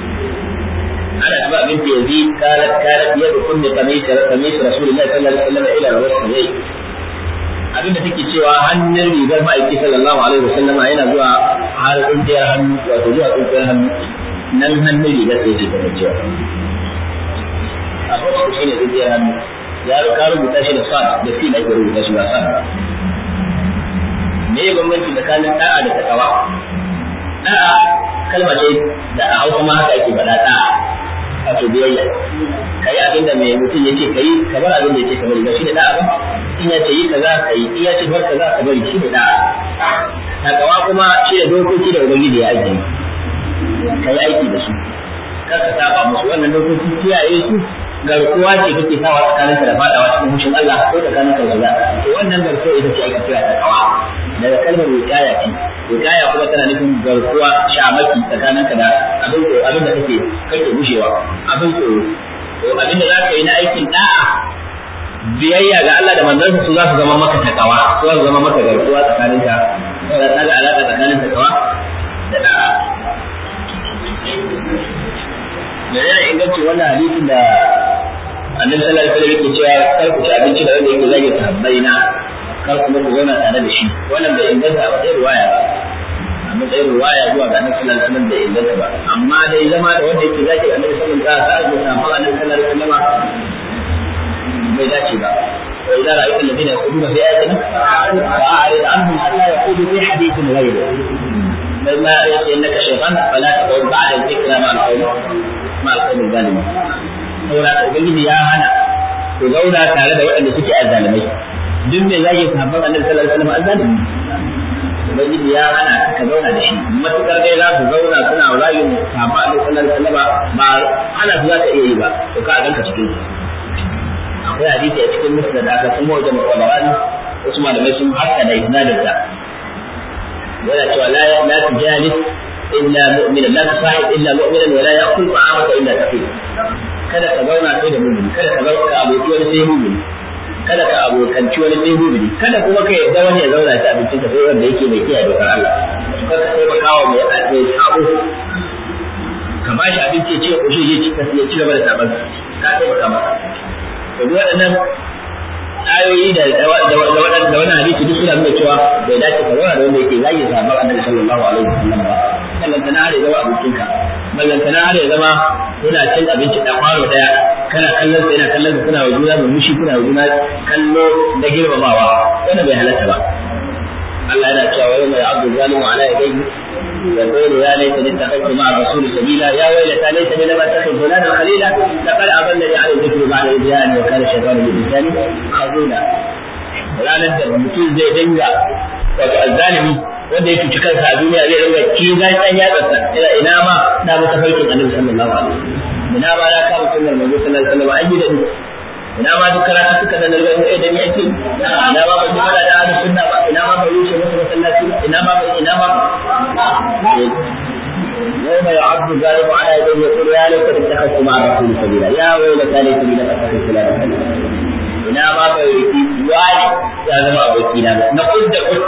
ana ba bin yazi kala kala ya da kunni kamis kamis rasulullahi sallallahu alaihi wasallam ila rasulai abinda take cewa hannun rigar ma'aiki sallallahu alaihi wasallam yana zuwa har tsintiyar hannu wato zuwa tsintiyar hannu nan hannun rigar sai ce kamar cewa a kwakwa shi ne tsintiyar hannu ya ka rubuta shi da sa da fi na rubuta shi da sa tsakanin da'a da takawa da'a kalma ce da a hausa ma haka ake faɗa da'a to biyayya kai abin da mai mutum yake kai kamar abin da yake kamar ga shi da da'a ba in ya ce yi kaza kai in ya ce bar kaza ka bari shi da da'a takawa kuma shi da dokoki da ubangiji ya ajiye kai aiki da su kar ka saba musu wannan dokoki kiyaye su garkuwa ce kake sawa tsakaninka da fadawa cikin hushin Allah ko tsakaninka da Allah to wannan garkuwa ita ce ake kira takawa daga kalmar wikaya ce wikaya kuma tana nufin garkuwa shamaki tsakaninka da abin tsoro abin da kake kake gushewa abin tsoro abin da zaka yi na aikin da'a biyayya ga Allah da manzansa su za su zama maka takawa su za su zama maka garkuwa tsakaninka da tsaga alaka tsakanin takawa da da'a menene ingancin wannan hadisin da annabi sallallahu alaihi wasallam yake cewa kar ku ci abinci da wanda yake zage sahabbai na kar kuma ku zauna tare da shi wannan bai inganta ba sai ruwaya ba a matsayin ruwaya zuwa ga annabi sallallahu alaihi wasallam bai inganta ba amma dai zama da wanda yake zaki annabi sallallahu alaihi wasallam ta sa annabi sallallahu alaihi wasallam bai dace ba وإذا رأيت الذين يقولون في آياتنا فأعرض عنهم ألا يقولوا في حديث غيره مما إنك شيطان فلا تقعد بعد الذكرى مع القوم مع القوم الظالمين. saboda ubangiji ya hana ku zauna tare da waɗanda suke azalimai duk mai zage sahabban annabi sallallahu alaihi wasallam azzalimi ubangiji ya hana ka zauna da shi matukar dai za su zauna suna rayin sahabban annabi sallallahu alaihi wasallam ba ana su za ka iya yi ba to ka ganka cikin su akwai hadisi a cikin musu da aka kuma wajen makwalaran wasu malamai sun haka da isnadin sa yana cewa la la tujalis illa mu'mina la tusahib illa mu'mina wa la ya'kul ta'amaka illa taqi kada ka zauna sai da mu'min kada ka zauna aboki wani sai mu'min kada ka abokanci wani mai hubiri kada kuma ka yarda wani ya zauna ta abincin ka sai wanda yake mai kiyaye dokar Allah kada ka taimaka wa mai mai sabo ka ba shi abinci ya ce ko shi ya ci gaba da saban ka taimaka masa to waɗannan ayoyi da da wani hadisi duk suna nuna cewa bai dace ka zauna da wanda yake zagin sahabban annabi sallallahu alaihi wasallam ba ballantana har ya zama abokinka ballantana har ya zama yana cin abinci da kwano daya kana kallon sa yana kallon sa kuna wa juna murmushi kuna wa juna kallo na girmamawa wannan bai halatta ba Allah yana ya الظالم على يديه يقول يا ليتني اتخذت مع الرسول سبيلا يا ويلتى ليتني لم اتخذ فلانا خليلا لقد اضلني عن الذكر بعد اذ وكان الشيطان للانسان خذولا ranar da mutum zai dinga wato azzalimi wanda ya cuci kansa a duniya zai dinga ki zai dan ya tsatsa ina ina ma na mutafarkin annabi sallallahu alaihi wasallam ina ba na kama sunnar manzo da ina ma duk karatu suka da nalga da ni yake? ina ma ba duk da ahlus sunna ba ina ma ba yushe musu masallaci ina ma ba ina ma يوم يعض الظالم على يديه يقول يا ليت اتخذت مع الرسول سبيلا يا ويلتى ليت لي لك اتخذت لا ina ma bai yi wani ya zama abokina ba na kudda kud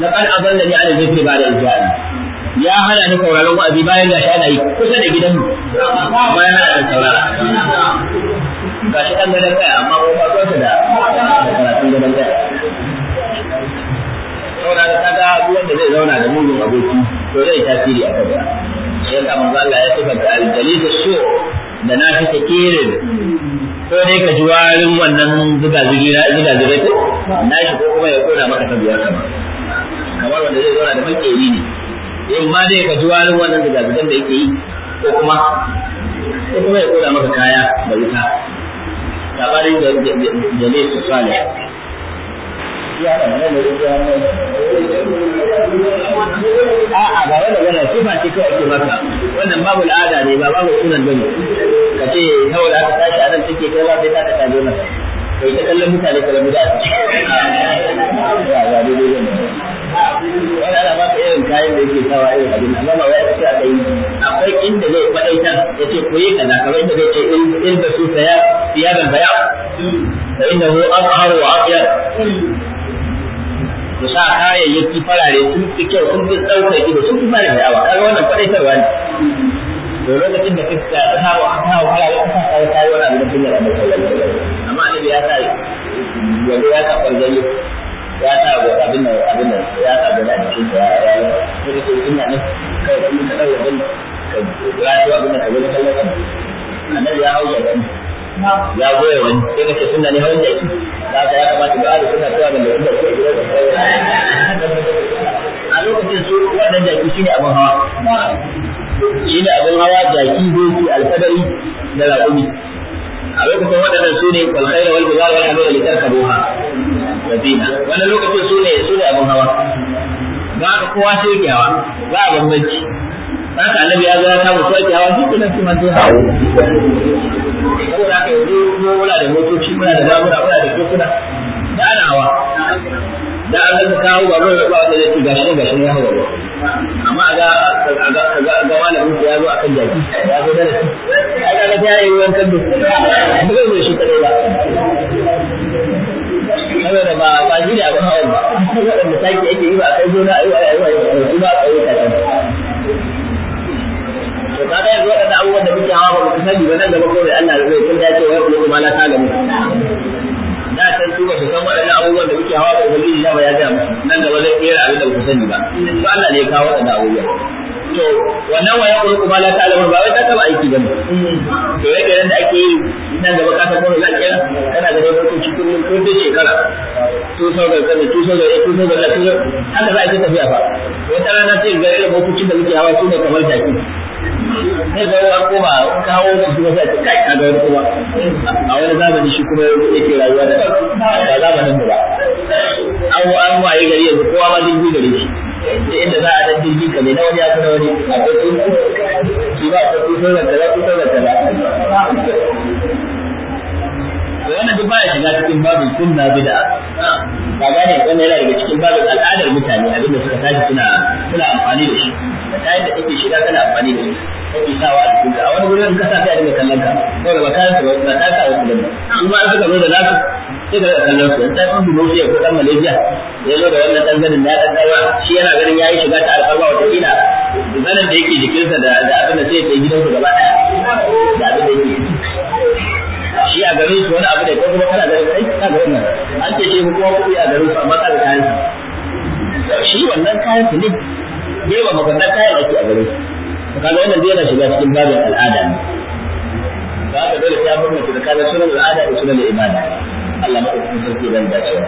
na kan aballa ni ala zikri ba da ijani ya hana ni sauraron wa'azi bayan gashi ana yi kusa da gidanmu bayan saurara ga shi ɗan gadon kaya amma ko ba zuwa da karatun gadon kaya saboda ka kaga wanda zai zauna da mugun aboki to zai tasiri a kansa sai ka manzo Allah ya sifanta al-jalisu so da na fi takirin ko dai ka ji warin wannan zuga zugi na zuga zuga ko na shi ko kuma ya koda maka ta biyar kama kamar wanda zai zauna da makeri ne in ma dai ka ji warin wannan zuga zugan da yake yi ko kuma ko kuma ya koda maka kaya da wuta labarin da da ne su sale a'a ba wani wani sifa ce kawai ke maka wannan babu al'ada ne ba babu sunan bane ka ce saboda aka tashi a nan take kai ba sai ta ta je maka kai ta kallon mutane kallon mutane wani ana ba irin kayan da yake sawa irin abin amma ba wai ake aka yi akwai inda zai faɗaitar ya ce koyi kaza kamar inda zai ce in da su saya siyaran baya da inda hu an haru wa afiyar ku sa kayayyaki farare sun fi kyau sun fi ɗaukar ido sun fi fara da awa kaga wannan faɗaitarwa ne da lokacin da ka sa ta wahala ta kasa kawo kayi wani abin da kunya da mai sallallahu alaihi amma annabi ya sa wanda ya sa kwarjali ya sa abin da abin da ya sa ga da cikin ya ya yi sai sai ina ne kai kuma ka dauka abin ka rayu abin da kaje kallon ka annabi ya hauja da ya goya wani sai kace sunna ne hawan jaki da ya kamata ba a da sunna cewa da da ke gidan da biha saboda haka yanzu mu muna da motoci muna da babura muna da dokuna da ana hawa da an ga kawo ba ruwa ba da yake gashi gashi ya hawa amma ga ga wani malamin ya zo akan jaki ya zo da shi ai ga ta yi wankan da ba zai shi kadai ba saboda ba ba gida ba hawa ba waɗanda sake ake yi ba kai gona ayi ayi ayi ba a yi ta abubuwan da muke hawa ba ku sani ba nan gaba ko mai Allah zai kun ce wa yau kuma na ta gamu da san su ba su san waɗannan abubuwan da muke hawa ba ubangiji da ba ya ga nan gaba zai tsira abin da ku sani ba to Allah ne ya kawo waɗannan abubuwan to wannan wa yaqulu kuma la ta'lamu ba wai ta taba aiki bane to yake nan da ake yi nan gaba ka san ko zaki kana da wani cikin mun ko da shekara to sau da kana to sau da to sau da to haka za a yi tafiya fa wata rana sai ga irin hukuncin da muke hawa su ne kamar jaki sai ga ya koma in ka hawo da kuma sai ka ka ga kuma a wani zamani shi kuma yake rayuwa da ba zamanin mu ba an an waye gari yanzu kowa ma jirgi gare shi da inda za a dan jirgi ka na wani ya kuma wani akwai tsuntsu shi ba akwai tsuntsu da kaza tsuntsu da kaza wannan duk baya shiga cikin babin sunna bid'a ka gane wannan yana daga cikin babin al'adar mutane abinda suka tashi suna suna amfani da shi da yadda kake shiga kana amfani da shi sawa a cikin a wani gurin ka sa sai a dinga kallon ka saboda da kayan ba ba ta sa wasu da in ba suka zo da za su, sai ka kallon su dan ɗan Indonesia ko ɗan Malaysia ya zo da wannan ɗan ganin na ɗan ɗaura shi yana ganin ya yi shiga ta alfarma wata kila zanen da yake jikinsa da abin da sai ya su gaba ɗaya da abin da yake shi a garin su wani abu da ko kuma kana garin aiki ka ga wannan an ce shi kuma kuɗi a garin su amma ka ga kayan shi wannan kayan su ne bai ba maganar kayan ake a garin su kaga wannan zai yana shiga cikin babin al'ada ne ba ka dole sai abin mutu da kaga sunan al'ada da sunan ibada Allah ma ɗauki sarki dan dacewa